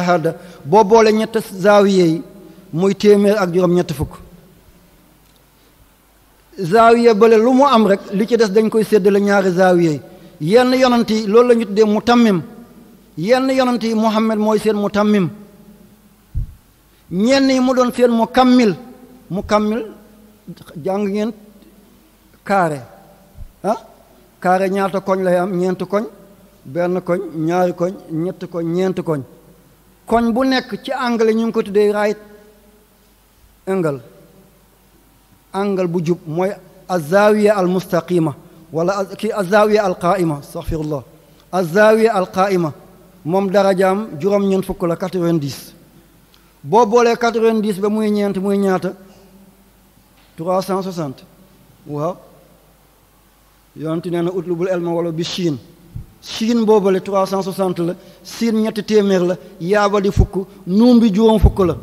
hadda boo boole ñett zaawiya yi muy téeméer ak juróom-ñett fukk zaawiya bële lu mu am rek li ci des dañ koy séddale ñaari zaawiya yi yenn yonent yi loolu la ñu tuddee mu tammim yenn yonent yi Muhammad mooy seen mu tammim ñenn yi mu doon seen mu kammil mu kammil jàng ngeen carré ah carré ñaata koñ lay am ñeent koñ benn koñ ñaari koñ ñetti koñ ñeent koñ koñ bu nekk ci angle ñu ngi ko tuddee right angle angle bu jub mooy azawiya al mustaqima wala ki azawiya al qaima astaghfirullah azawiya al qaima moom darajaam juróom-ñeent fukk la 90 boo boolee 90 ba muy ñeent muy ñaata 360 waaw yonent nee na utlubul elma wala bi Chine Chine cent 360 la Chine ñetti téeméer la yaaba di fukk nuum bi juróom fukk la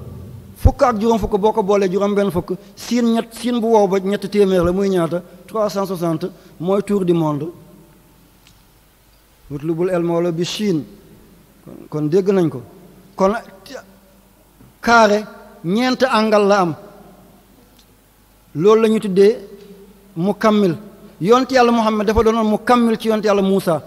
fukk ak juróom fukk boo ko boolee juróom benn fukk Chine ñett Chine bu wow ba ñetti téeméer la muy ñaata 360 mooy tour du monde utlubul elma wala bi Chine kon dégg nañ ko kon carré ñeent angal la am loolu la ñu tuddee mu kammil yonent yàlla Muhammad dafa doonoon mu kammil ci yonent yàlla Moussa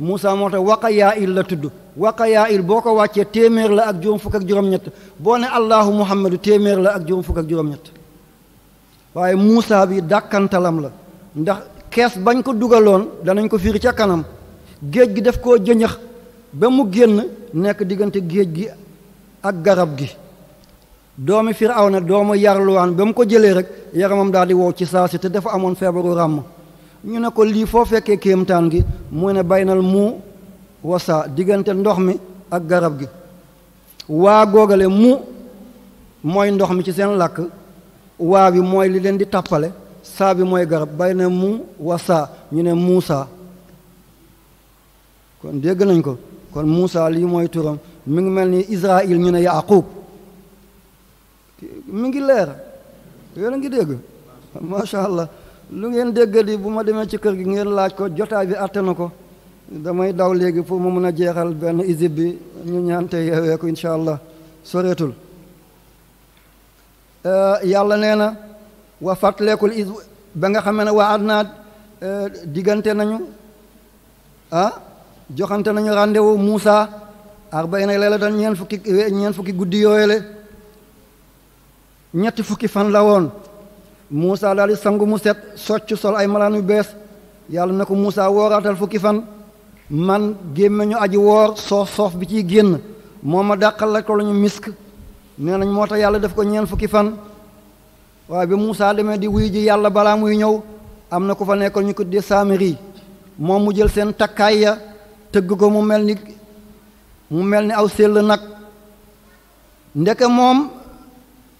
Moussa moo tax waqa yaa il la tudd waqa yaa il boo ko wàccee téeméer la ak juróom fukk ak juróom-ñett boo ne Allahu Muhammadu téeméer la ak juróom fukk ak juróom-ñett waaye muusa bi dàkkantalam la ndax kees bañ ko dugaloon danañ ko fiir ca kanam géej gi daf koo jëñëx ba mu génn nekk diggante géej gi ak garab gi doomi firawna doomu yarluwaan ba mu ko jëlee rek yaramam daal di wow ci saasi te dafa amoon feebaru ràmm ñu ne ko lii foo fekkee kéemtaan gi mu ne baynal mu wasa diggante ndox mi ak garab gi waa googale mu mooy ndox mi ci seen làkk waa bi mooy li leen di tàppale saa bi mooy garab bay baynal mu wasa ñu ne muusa kon dégg nañ ko kon muusa lii mooy turam mi ngi mel ni israil ñu ne yaaqub mi ngi leer yéen a ngi dégg macha allah lu ngeen dégg di bu ma demee ci kër gi ngeen laaj ko jotaay bi àtte na ko damay daw léegi pour mu mën a jeexal benn isib bi ñu ñaante yeewee ko incha allah soreetul euh, yàlla nee na wa fàttaleekul is ba nga xamee ne waa adnaa euh, diggante nañu ah joxante nañu rendez-vous Moussa arbaina leelatan ñeen fukki ñeen fukki guddi yooyele ñetti fukki fan la woon Moussa daal sangu mu set socc sol ay malaan yu bees yàlla na ko Moussa wooraatal fukki fan man gémmeñu aji woor soof soof bi ciy génn moo ma dàqal la ko lañu misk nee nañ moo tax yàlla def ko ñeen fukki fan waaye bi Moussa demee di wuy ji yàlla balaa muy ñëw am na ku fa nekkoon ñu ko di Samiri moom mu jël seen takkaay ya tëgg ko mu mel ni mu mel ni aw séll nag ndeke moom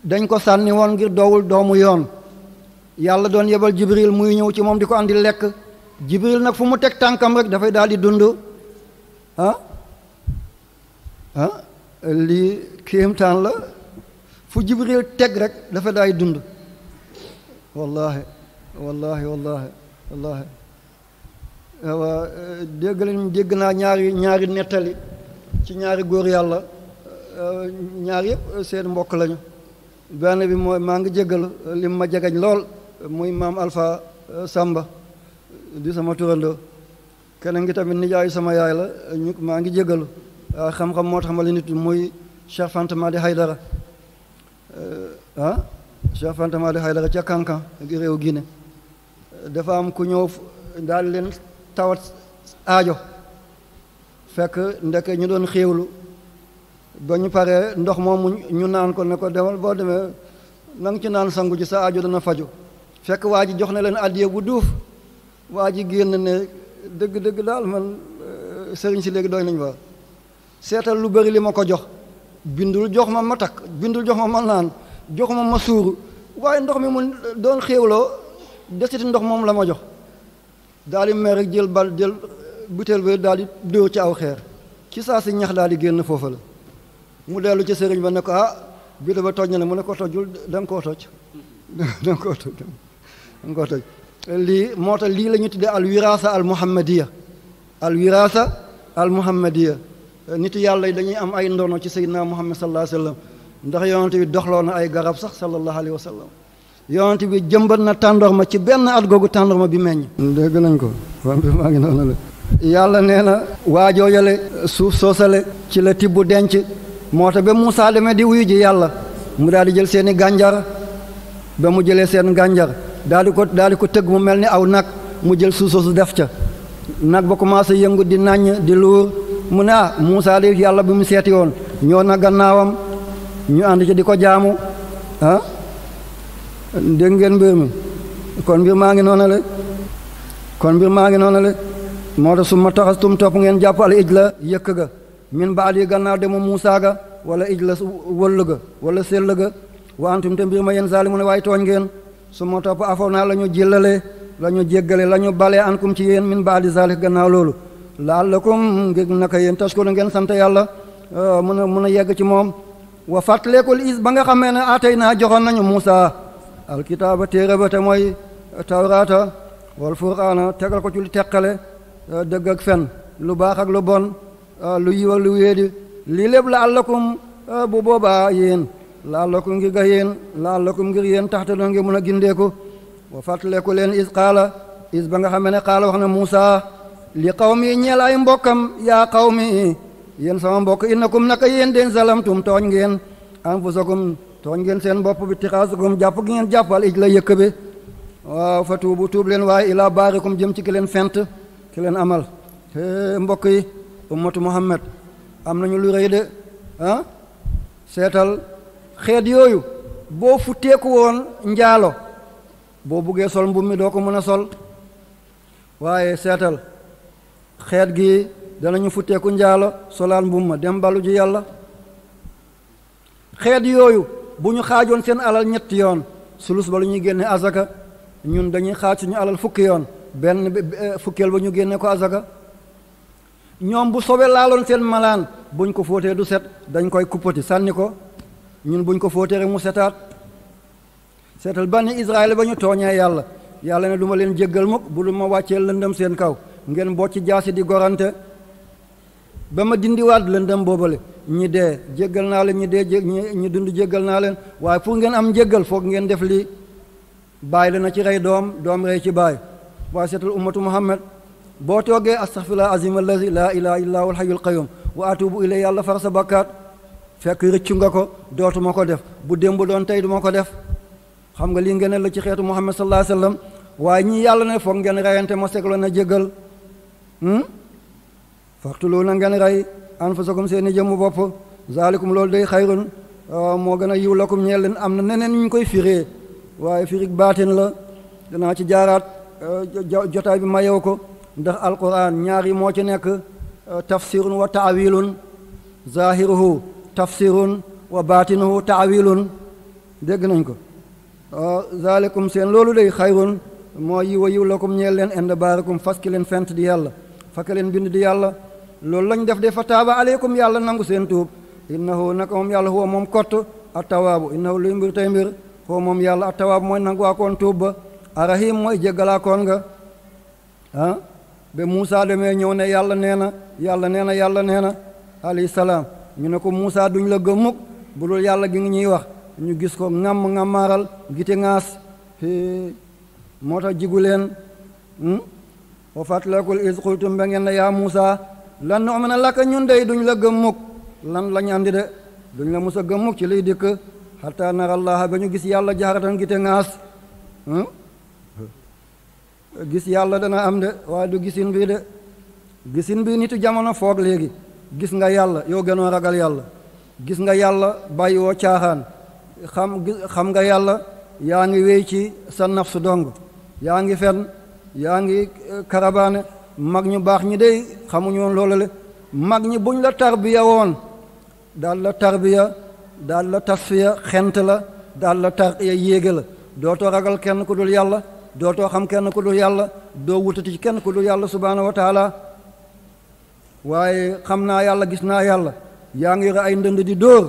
dañ ko sànni woon ngir doowul doomu yoon yàlla doon yebal jibril muy ñëw ci moom di ko andi lekk jibril nag fu mu teg tànkam rek dafay daal di dund ah? Ah? lii kéemtaan la fu jibril teg rek dafa daay dund wallahi wallahi wallahi wallahi waaw dégg lañ naa ñaari ñaari nettali ci ñaari góor yàlla ñaar yëpp seen mbokk lañu benn bi mooy maa ngi jéggal lim ma jegañ lool muy maam Alpha euh, Samba di sama turandoo keneen ngi tamit nijaayu sama yaay la ñu maa ngi jéggalu waaw xam-xam moo tax ma la nit muy Cheikh Fanta Madi Haydara euh, ah Cheikh Fanta Madi Haydara ca Kankan gi réew Guinée dafa am ku ñëw daal leen tawat aajo fekk ndek ñu doon xéewlu ba ñu paree ndox mu ñu naan ko ne ko demal boo demee na nga ci naan sangu ji sa aajo dana faju fekk waa ji jox na leen addiye bu duuf waa ji génn ne dëgg-dëgg daal man euh, sëriñ si léegi doy nañu waar seetal lu bëri li ma ko jox bindul jox ma ma takk bindul jox ma ma naan jox ma ma suuru waaye ndox mi mu doon xéewloo desiti ndox moom la ma jox daal di mer rek jël bal jël butéel bi daal di dóor ci aw xeer ci saa si ñax daal di génn foofa la mu dellu ci sëriñ ba ne ko ah bii dafa toj na ne mu ne ko tojul da koo toj lii moo tax lii la ñu tuddee al wirasa al muhammadiya al wirasa al muhammadiya nit yàlla dañuy am ay ndono ci sayyidina muhammad sallallahu alayhi wa sallam ndax yonent bi doxloo na ay garab sax sallallahu alayhi wa sallam yonent bi jëmbat na ma ci benn at googu tàndorma bi meññ dégg nañ ko wan bi maa ngi noonu la yàlla nee na waajoo suuf soosale ci la tibb denc moo tax ba Moussa demee di wuyu ji yàlla mu daal di jël seeni gànjar ba mu jëlee seen gànjar daal di ko daal di ko tëgg mu mel ni aw nag mu jël suuf su def ca nag ba commencé yëngut di nàññ di luur mu ne ah Moussa di yàlla bi mu seeti yoon ñoo na gannaawam ñu ànd ci di ko jaamu ah dégg ngeen mbir mi kon mbir maa ngi noona le kon mbir maa ngi noona le moo tax su ma taxas tum topp ngeen jàpp al ij la yëkk min baad yi gannaaw demu Muusaa ga wala ij la wëll ga wala sell ga wa antum te mbir ma yéen saali mu ne waaye tooñ ngeen su ma topp afoo naa la ñu jëllalee la ñu jéggale la ñu balee ankum ci yéen min baadi zaalik gannaaw loolu laallakum ngir naka yéen tashkuru ngeen sant yàlla euh, mën a mën a yegg ci moom wa fàttaleekul is ba nga xamee ne atey naa joxoon nañu Muusaa alkitaaba téere ba te mooy tawraata wal furqaana tegal ko ci lu teqale euh, dëgg ak fen lu baax ak lu bon Ah, lu yiw ak lu wéedi lii lépp la àllakum ah, bu boobaa yéen la àllakum ngir ga yéen la àllakum ngir yéen taxte doo ngi mën a ko wa fàttaleku leen is qaala is ba nga xamee ne qaala wax na Muusa li qawmi ñeel ay mbokkam yaa qawmi yéen sama mbokk innakum naka yéen den zalamtum tooñ ngeen anfusakum tooñ ngeen seen bopp bi tixaasukum jàpp gi ngeen jàppal ij la yëkk bi waaw fa tuubu tuub leen waaye ilaa baarikum jëm ci ki leen fent ki leen yi ummatu muhammad am nañu lu rëy de ah seetal xeet yooyu boo futteeku woon njaalo boo buggee sol mbubb mi doo ko mën a sol waaye seetal xeet gi danañu futteeku njaalo solaan mbubb ma dem balu ji yàlla xeet yooyu bu ñu xaajoon seen alal ñetti yoon sulus ba lu ñuy génne azaka ñun dañuy xaaj suñu alal fukki yoon benn eh, fukkeel ba ñu génne ko azaka ñoom bu sobe laaloon seen malaan buñ ko fóotee du set dañ koy kuppati sànni ko ñun buñ ko fóotee rek mu setaat seetal bànni Israël ba ñu tooñee yàlla yàlla ne duma leen jéggal mukk bu du ma wàccee lëndëm seen kaw ngeen bocc ci jaasi di gorante ba ma dindiwaat lëndëm boobale ñi dee jéggal naa leen ñi dee ñi dund jéggal naa leen waaye pour ngeen am njéggal foog ngeen def lii baay na ci rey doom doom rey ci baay waaye seetal ummatu Muhammad boo toogee astaghfirullah azim allazi laa ilaha illa huwal hayyul qayyum wa atubu ilay yàlla far sa bakkaat fekk rëccu nga ko dootuma ko def bu démb doon tey duma ko def xam nga lii ngeen la ci xeetu muhammad sallallahu alayhi wa sallam waaye ñii yàlla ne foog ngeen reyante ma seglo na jéggal hmm? faqtulu na ngeen rey anfusakum seeni jëmm bopp zaalikum loolu day xayrun ah, moo gën a yiw lakum ñeel leen am na neneen ñu koy firee waaye firig baatin la danaa ci jaaraat ah, jotaay bi mayew ko ndax alquran ñaari moo ci nekk euh, tafsirun wa taawilun zahiruhu tafsirun wa baatinuhu taawilun dégg nañ ko euh, zaalikum seen loolu day xayrun moo yiw a yiw lakum ñeel leen ind baarakum faski leen fent di yàlla fakka leen bind di yàlla loolu lañ def de fa taaba aleykum yàlla nangu seen tuub innahu naka moom yàlla huwa moom kott attawaabu innahu luy mbir tey mbir huwa moom yàlla attawaabu mooy nangu waa koon tuub ba arahim mooy jéggalaa koon ba Moussa demee ñëw ne yàlla nee na yàlla nee na yàlla nee na alayhi salaam ñu ne ko Moussa duñ la gëmmuk bu dul yàlla gi ngi ñuy wax ñu gis ko ŋàmm ŋàmmaaral gite ŋaas moo tax jigu leen hmm? wa fatlakul is xultum ba ngeen ne yaa Moussa lan nu amana laka ñun dey duñ la gëmmuk lan lañ andi de duñ la musa gëmmuk ci liy dikk xataa narallaha ba ñu gis yàlla jaharatan gite ŋaas hmm? gis yàlla dana am de waaye du gisin bii de gisin bii nitu jamono foog léegi gis nga yàlla yow gënoo ragal yàlla gis nga yàlla bàyyi woo caaxaan xam xam nga yàlla yaa ngi wéy ci sa su dong yaa ngi fen yaa ngi e, karabaane mag ñu baax ñi dey xamuñu woon loolu le mag ñi buñ la tarbiya woon daal la tarbiya daal la tasfiya xent la daal la tarbiya yéege la dootoo ragal kenn ku dul yàlla too xam kenn ku dul yàlla doo wutati ci kenn ku yàlla subhaanahu wa waaye xam naa yàlla gis naa yàlla yaa ngi yore ay ndënd di dóor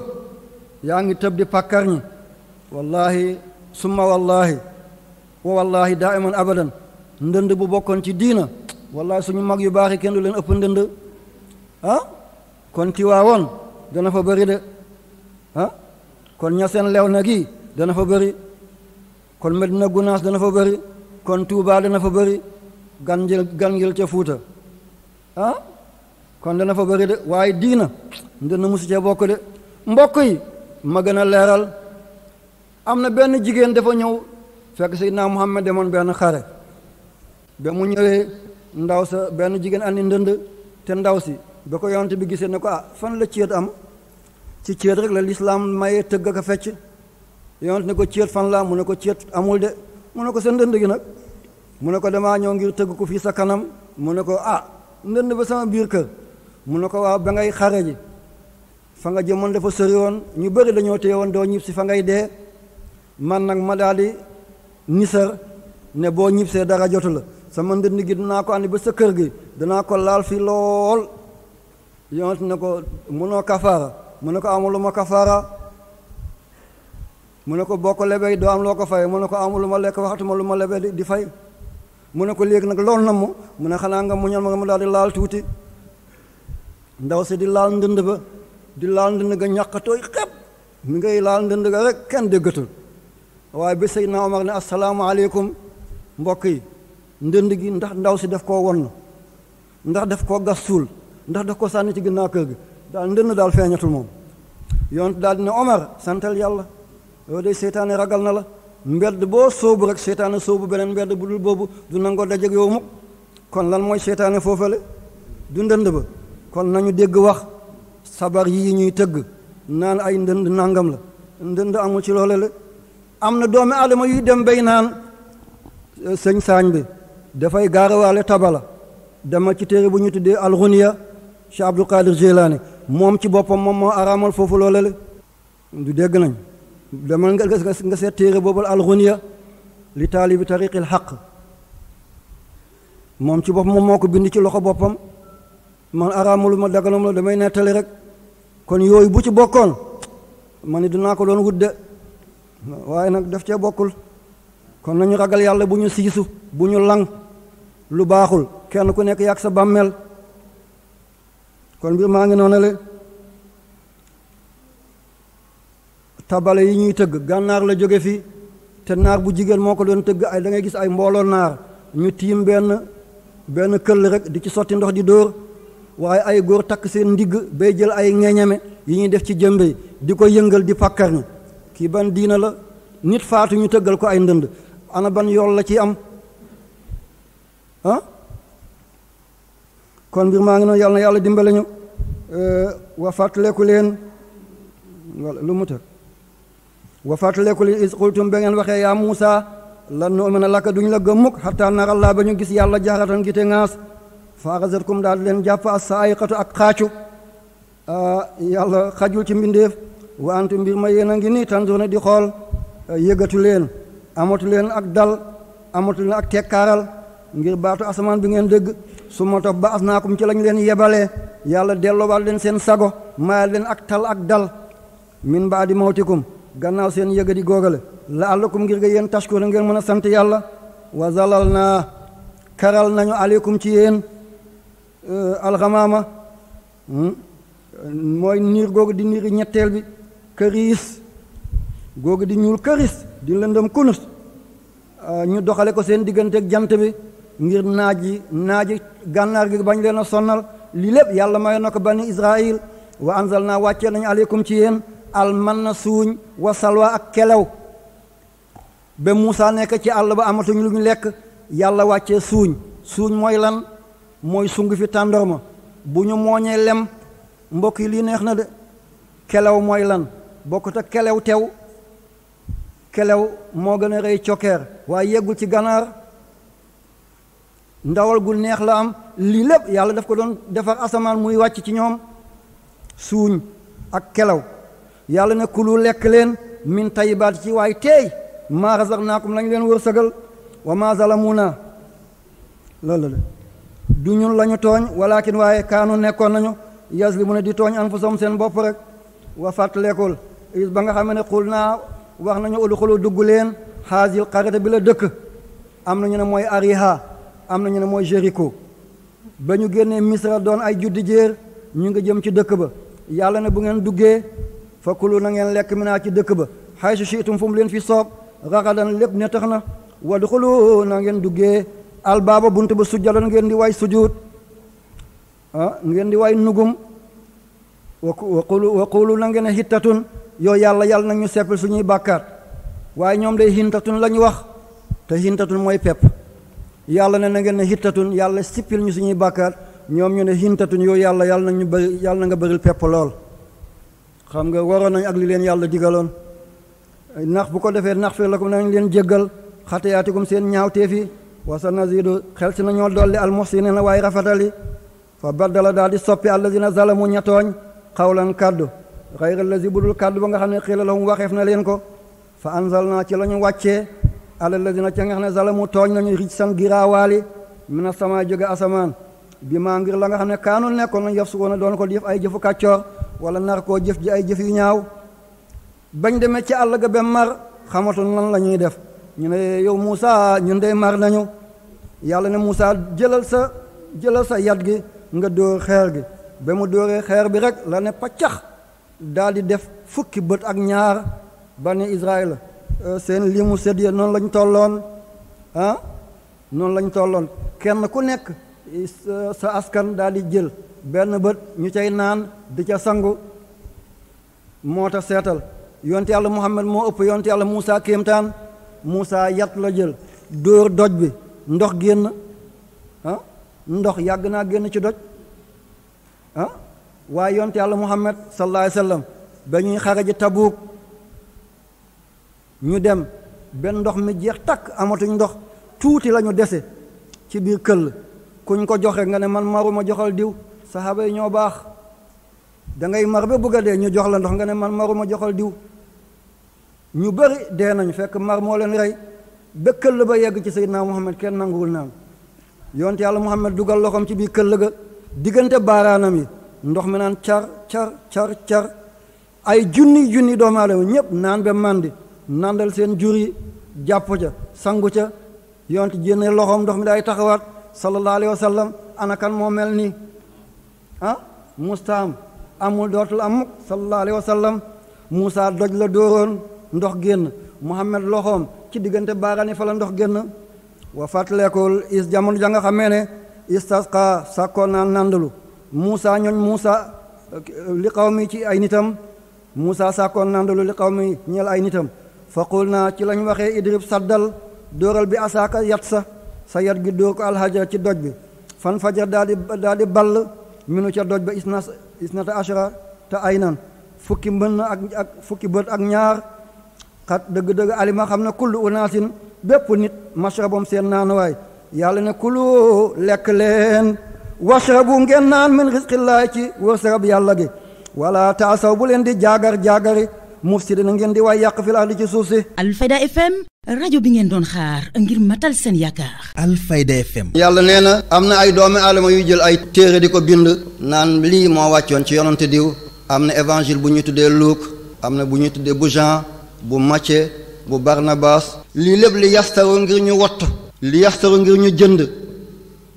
yaa ngi tëb di pàkkar ñi wallaahi summa wallaahi wa wallaahi daiman abadan ndënd bu bokkoon ci diina wallaahi suñu mag yu baax kenn du leen ëpp ndënd ah? kon ci waawoon dana fa bëri de ah? kon ña lew na gi dana fa bëri kon Medina Gunaas dana fa bëri kon Touba dana fa bari gan jël cee Fuuta ah kon dana fa bëri de waaye diina dana musu cee bokk de mbokk yi ma gën a leeral am na benn jigéen dafa ñëw fekk Seydina Muhammad demoon benn xare ba mu ñëwee ndaw sa benn jigéen andi ndënd te ndaw si ba ko yonte bi gisee ne ko ah fan la céet am ci céet rek la lislaam maye tëgg ak a fecc yonent ne ko céet fan la mu ne ko céet amul de mu ne ko sa ndënd gi nag mu ne ko damaa ñëw ngir tëgg ko fii sa kanam mu ne ko ah ndënd ba sama biir kër mu ne ko waaw ba ngay xare ji fa nga jëmoon dafa sori woon ñu bari dañoo téye woon doo ñib si fa ngay dee man nag ma daal nisar ne boo ñibbisee dara jotu la sama ndënd gi dinaa ko ba sa kër gi danaa ko laal fi lool yonent ne ko mënoo kafaara mu ne kafaara mu ne ko boo ko lebee doo am loo ko fay mu ne ko amul lu ma lekk waxatuma lu ma lebee di fay mu ne ko léegi nag loolu na mu mu ne xanaa nga muñal ma nga mu daal di laal tuuti ndaw si di laal ndënd ba di laal ndënd ga ñàkkatooy xepp mi ngay laal ndënd ga rek kenn déggatul waaye bi naa Omar ne asalaamaaleykum mbokk yi ndënd gi ndax ndaw si def ko koo wonn ndax def koo gas suul ndax def ko sànni ci ginnaaw kër gi daal ndënd daal feeñatul moom yonent daal di ne Omar yow de seytaane ragal na la mbedd boo soobu rek seytaane soobu beneen mbedd bu dul boobu du nangoo dajeg yow mukk kon lan mooy seytaane foofale du ndënd ba kon nañu dégg wax sabar yi ñuy tëgg naan ay ndënd nangam la ndënd amul ci loole la am na doomi aadama yuy dem bay naan euh, sëñ saañ bi dafay gaarawaale tabala dama ci téere bu ñu tuddee alxuniya Cheikh Abdul Qadir Jilani moom ci boppam moom moo araamal foofu loole la du dégg nañ demal nga nga seet téere boobal alxuniya li taalibi tariqil xaq moom ci bopp moom moo ko bind ci loxo boppam man araamulu ma daganam damay nettali rek kon yooyu bu ci bokkoon ma ni dinaa ko doon wudde waaye nag daf cee bokkul kon nañu ragal yàlla bu ñu siisu bu ñu lan lu baaxul kenn ku nekk yàgg sa bàmmeel kon mbir maa ngi noonale tabale yi ñuy tëgg gànnaar la jóge fi te naar bu jigéen moo ko doon tëgg ay da gis ay mbooloo naar ñu tiim benn benn këll rek di ci sotti ndox di dóor waaye ay góor takk seen ndigg bay jël ay ŋeñame yi ñuy def ci jëmbe di ko yëngal di pàkkar ñi kii ban diina la nit faatu ñu tëggal ko ay ndënd ana ban yool la ci am kon mbir maa ngi noonu yàlla yàlla dimbale ñu wa fàttaleku leen wala lu mu tëg wa fàttalekuli is qultum ba ngeen waxee yaa Muusa lan a laka duñu la gëm mukk xataa nara laa ba ñu gis yàlla jaaratan gite ŋaas fa axasatkum daal leen jàpp as-saa'iqatu ak xaacu ah, yàlla xajul ci mbindeef wa antum mbir ma yéen a ngi nii tanzuruna di xool yëgatu leen amatu leen ak dal amatu leen ak tekkaaral ngir baatu asamaan bi ngeen dëgg su ma topp ba as naakum ci lañ leen yebalee yàlla delloowaat leen seen sago maayal leen ak tal ak dal min baadi gannaaw seen yëgadi googale la allakum ngir nga yéen tashkuru ngeen mën a sant yàlla wa zalal naa karal nañu aleykum ci yéen euh, alxamaama hmm? mooy niir googu di niir ñetteel bi këriis googu di ñuul këris di lëndëm kunus euh, ñu doxale ko seen digganteeg jant bi ngir naaj yi naaji gànnaar gi bañ leen a sonnal lii lépp yàlla may na ko bani israil wa anzal naa wàccee nañu aleykum ci yéen al man na suuñ wa salwa ak kelew ba Moussa nekk ci àll ba amatuñ lu ñu lekk yàlla wàccee suuñ suuñ mooy lan mooy sungu fi tàndorma bu ñu mooñee lem mbokk yi lii neex na de kelew mooy lan bokkut ak kelew tew kelew moo gën a rëy cokkeer waaye yeggul ci ganaar ndawal gu neex la am lii lépp yàlla def ko doon defar asamaan muy wàcc ci ñoom suuñ ak kelaw yàlla ne kulu lekk leen min tayibaat ci waay teey maa razaqnaakum lañ leen wërsëgal wa maa zalamuna loolu la du ñun la ñu tooñ kin waaye kaanu nekkoon nañu yazlimuna di tooñ anfusahum seen bopp rek wa fàtt fàttaleekul is ba nga xam ne xul naa wax nañu udxulu dugg leen xaasil xarita bi la dëkk am nañu ne mooy ariha am nañu ne mooy jéricho ba ñu génnee misra doon ay juddi jéer ñu ngi jëm ci dëkk ba yàlla ne bu ngeen duggee fa kulu na ngeen lekk naa ci dëkk ba xaysu shiitum fu mu leen fi soob ragadan lépp ne tax na wadxulu na ngeen duggee albaaba bunt ba sujjadan ngeen di way sujuud ah, ngeen di way nugum wa qulu na ngeen hittatun yow yàlla yàlla na ñu seppil suñuy bàkkaar waaye ñoom day hintatun la ñu wax te hintatun mooy pepp yàlla ne na ngeen ne yàlla sippil ñu suñuy bàkkaar ñoom ñu ne hintatun yow yàlla yàlla na ñu bëri yàlla na nga bëril pepp lool xam nga waroon nañ ak li leen yàlla digaloon nax bu ko defee nax fir lakum nañ leen jéggal xatayaatikum seen ñaawteef yi wasa nazidu xel si nañoo dolli ne na waaye rafetali fa baddala daal di soppi ji allazina zalamu ñetooñ xawlan kàddu xayra lazi budul kàddu ba nga xam ne xiila lahum waxeef na leen ko fa anzalna ci la ñu wàccee ala lazina ca nga xam ne zalamu tooñ nañu rij san giraawaali mina sama jóge asamaan bi maa ngir la nga xam ne kaanu nekkoon nañ yaf su woon a doon ko di def ay jëfu kàccoor wala nar koo jëf ji ay jëf yu ñaaw bañ demee ci àll ga ba mar xamatul nan la ñuy def ñu ne yow Moussa ñun dey mar nañu yàlla ne Moussa jëlal sa jëlal sa yat gi nga dóor xeer gi ba mu dóoree xeer bi rek la ne paccax daal di def fukki bët ak ñaar bani Israël euh, seen lii mu sedd ya noonu lañ tolloon ah noonu lañ tolloon kenn ku nekk sa askan daal di jël benn bët ñu cay naan di ca sangu moo tax seetal yonte yàlla muhammad moo ëpp yonte yàlla Moussa kéemtaan Moussa yat la jël dóor doj bi ndox génn ah ndox yàgg naa génn ci doj ah waaye yonte yàlla muhammad sallallahu alayhi ba ñuy xare ji tabuuk ñu dem benn ndox mi jeex takk amatuñ ndox tuuti lañu dese ci biir këll kuñ ko joxe nga ne man maruma joxal diw saxaaba yi ñoo baax dangay ngay mar ba bëgg dee ñu jox la ndox nga ne man maruma joxal diw ñu bëri dee nañ fekk mar moo leen rey ba këll ba yegg ci Seydina Muhammad kenn nanguwul naan yonte yàlla Muhammad dugal loxoom ci biir këll ga diggante baaraanam yi ndox mi naan car car car car ay junni junni doomu aadama ñëpp naan ba màndi nàndal seen jur jàpp ca sangu ca yonte jénne loxoom ndox mi daay taxawaat sallallahu alayhi wa sallam anakan moo mel nii ah mustaam amul dootul am mukk sallallahu alayhi wa sallam doj la dóoroon ndox génn Muhammad loxoom ci diggante baaraani fa la ndox génn wa fàttalekul is jamono ja nga xamee ne istasqa sàkkoon naa nandalu Moussa ñooñ muusa li xaw mi ci ay nitam Moussa sàkkoon nandalu li xaw mi ñeel ay nitam faqul naa ci lañ waxee idrib saddal dóoral bi asaaka yat sa sa yat gi dóor ko alhaja ci doj bi fan fajar daal di daal di ball minu ca doj ba na isnata ashara te ay nan fukki mbënn ak ak fukki bët ak ñaar xat dëgg-dëgg alima xam na kullu unaasin bépp nit mashrabum seen naanuwaay yàlla na kulu lekk leen washrabu ngeen naan min risqillaahi ci wërsërab yàlla gi wala taasaw bu leen di jaagar jaagari mufsidina ngeen di waay yàq fil ahli ci suuf si Alfayda FM rajo bi ngeen doon xaar ngir matal seen yaakaar. Alfayda FM. yàlla nee na am na ay doomi aadama yu jël ay téere di ko bind naan lii moo wàccoon ci yonante diw am na évangile bu ñu tuddee Luuk am na bu ñu tuddee bu Jean bu Matthieu bu Barnabas. lii lépp li yastaru ngir ñu wott li yastaru ngir ñu jënd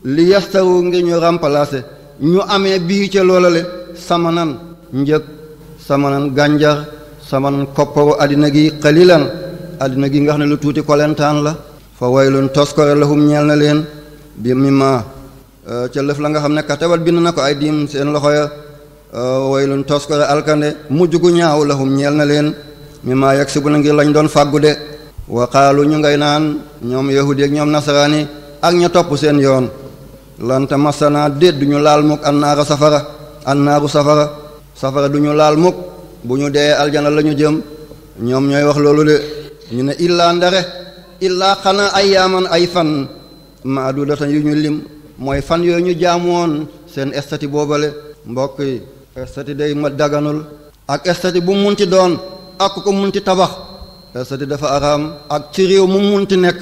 li yastaru ngir ñu remplacer ñu amee bii ci loolale samanan njëg samanan gànjar saman kopparu àddina gi xalilan àddina gi nga xam ne lu tuuti kolentaan la fa waylun toskore lahum ñeel na leen bi mi ma euh, ca lëf la nga xam ne katabat bind na ko ay diim seen loxo ya euh, waylun toskore alkande mujj gu ñaaw lahum ñeel na leen mi ma yegg na ngir lañ doon fàggu de waxaalu ñu ngay naan ñoom yahudi ak ñoom nasaraani ak ña topp seen yoon lanta masana déet du ñu laal mukk annaaru safara annaaru safara safara du laal mukk bu ñu dee aljana la ñu jëm ñoom ñooy wax loolu de ñu ne illaa ndare illaa xanaa ay yaaman ay fan maadu datan yu ñu lim mooy fan yooyu ñu jaamoon seen estati boobale mbokk yi estati day ma dagganul ak estati bu munti doon ak ko munti tabax estati dafa araam ak ci réew mu munti nekk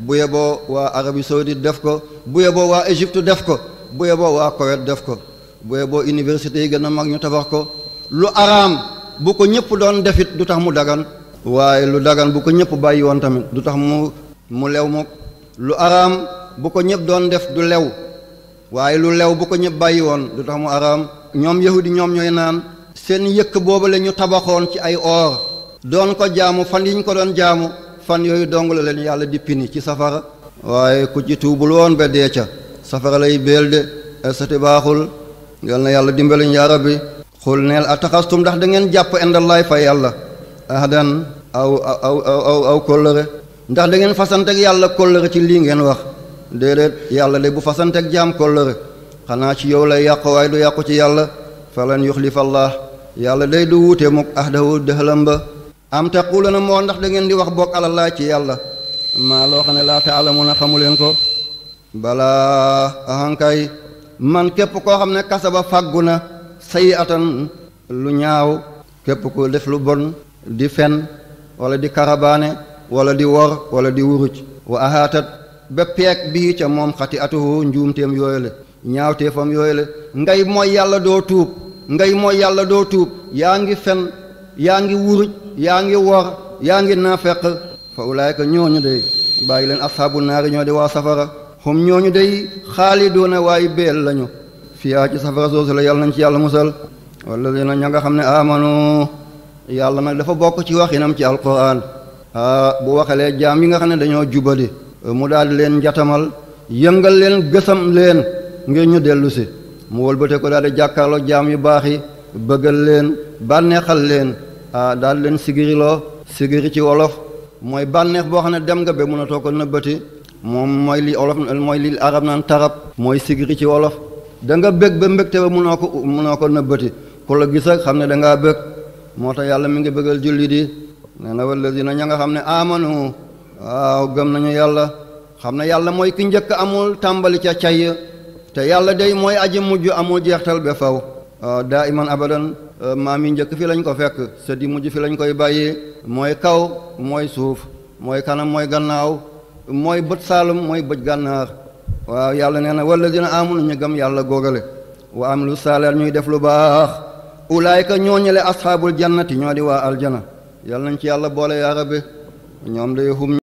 bu yeboo waa Arabie saoudite def ko bu yeboo waa Égypte def ko bu yeboo waa Koweït def ko bu yeboo université yi gën a mag ñu tabax ko lu araam bu ko ñëpp doon defit du tax mu dagan waaye lu dagan bu ko ñëpp bàyyi woon tamit du tax mu mu lew mook lu araam bu ko ñëpp doon def du lew waaye lu lew bu ko ñëpp bàyyi woon du tax mu araam ñoom yahudi ñoom ñooy naan seen yëkk boobu la ñu tabaxoon ci ay or doon ko jaamu fan yiñ ko doon jaamu fan yooyu dong la leen yàlla di pini ci safara waaye ku ci tuubul woon ba dee ca safara lay béel de sati baaxul yal na yàlla dimbaliñ yaa rabbi xul neel ataxastum ndax da ngeen jàpp indallaay fa yàlla ahdan aw aw aw aw kóllëre ndax da ngeen fasantek yàlla kóllëre ci lii ngeen wax déedéet yàlla de bu fasantek jaam kóllëre xanaa ci yow lay yàqu waaye du yàqu ci yàlla falan yuxlifallah yàlla day du wuute muk ahdahu dëxalam ba am taquluna moo ndax da ngeen di wax bokk alalaay ci yàlla maa loo xam ne laa taalamuna xamu leen ko balaa ahankay man képp koo xam ne kasaba fàggu na sayi atan lu ñaaw képp ku def lu bon di fen wala di karabaane walla di wor wala di wuruj wa ahaatat ba peeg bii ca moom xati atuhu njuumteem yooyu la ñaawteefam yooyu la ngay mooy yàlla doo tuub ngay mooy yàlla doo tuub yaa ngi fen yaa ngi wuruj yaa ngi wor yaa ngi naafeq fa ulaayka ñooñu day bàyyi leen asxaabu naari ñoo di waa safara xum ñooñu day xaalidoona waay beel lañu fiyaa ci safara soosu la yàlla nañ ci yàlla musal walladina ña nga xam ne amanu yàlla nag dafa bokk ci waxinam ci alquran bu waxalee jaam yi nga xam ne dañoo jubali mu daal di leen njatamal yëngal leen gësam leen ngir ñu dellu si mu wëlbate ko daal di jàkkaarloo jaam yu baax yi bëggal leen bànneexal leen ah daal di leen sigiriloo sigiri ci wolof mooy bànneex boo xam ne dem nga ba mun a too ko nëbbati moom mooy li olof mooy li arab naan tarab mooy sigiri ci wolof da nga bëgg ba mbégte ba munoo ko munoo ko nëbbati ku la gis xam ne da ngaa bëgg moo tax yàlla mu ngi bëggal julli di nee na wallazina ña nga xam ne amanu waaw gëm nañu yàlla xam ne yàlla mooy ki njëkk amul tàmbali ca cay te yàlla day mooy aji mujj amul jeextal ba faw daa iman abadan euh, maam yi njëkk fi lañ ko fekk set yi mujj fi lañ koy bàyyi mooy kaw mooy suuf mooy kanam mooy gannaaw mooy bët saalum mooy bëj gànnaar waaw yàlla nee na walladina amanu ñu gam yàlla góogale wa amalu saaleer ñuy def lu baax ulaayka ñoo ñële asxaabul jannati ñoo di waa aljana yàlla nañ ci yàlla boole yaa rabbi ñoom day hum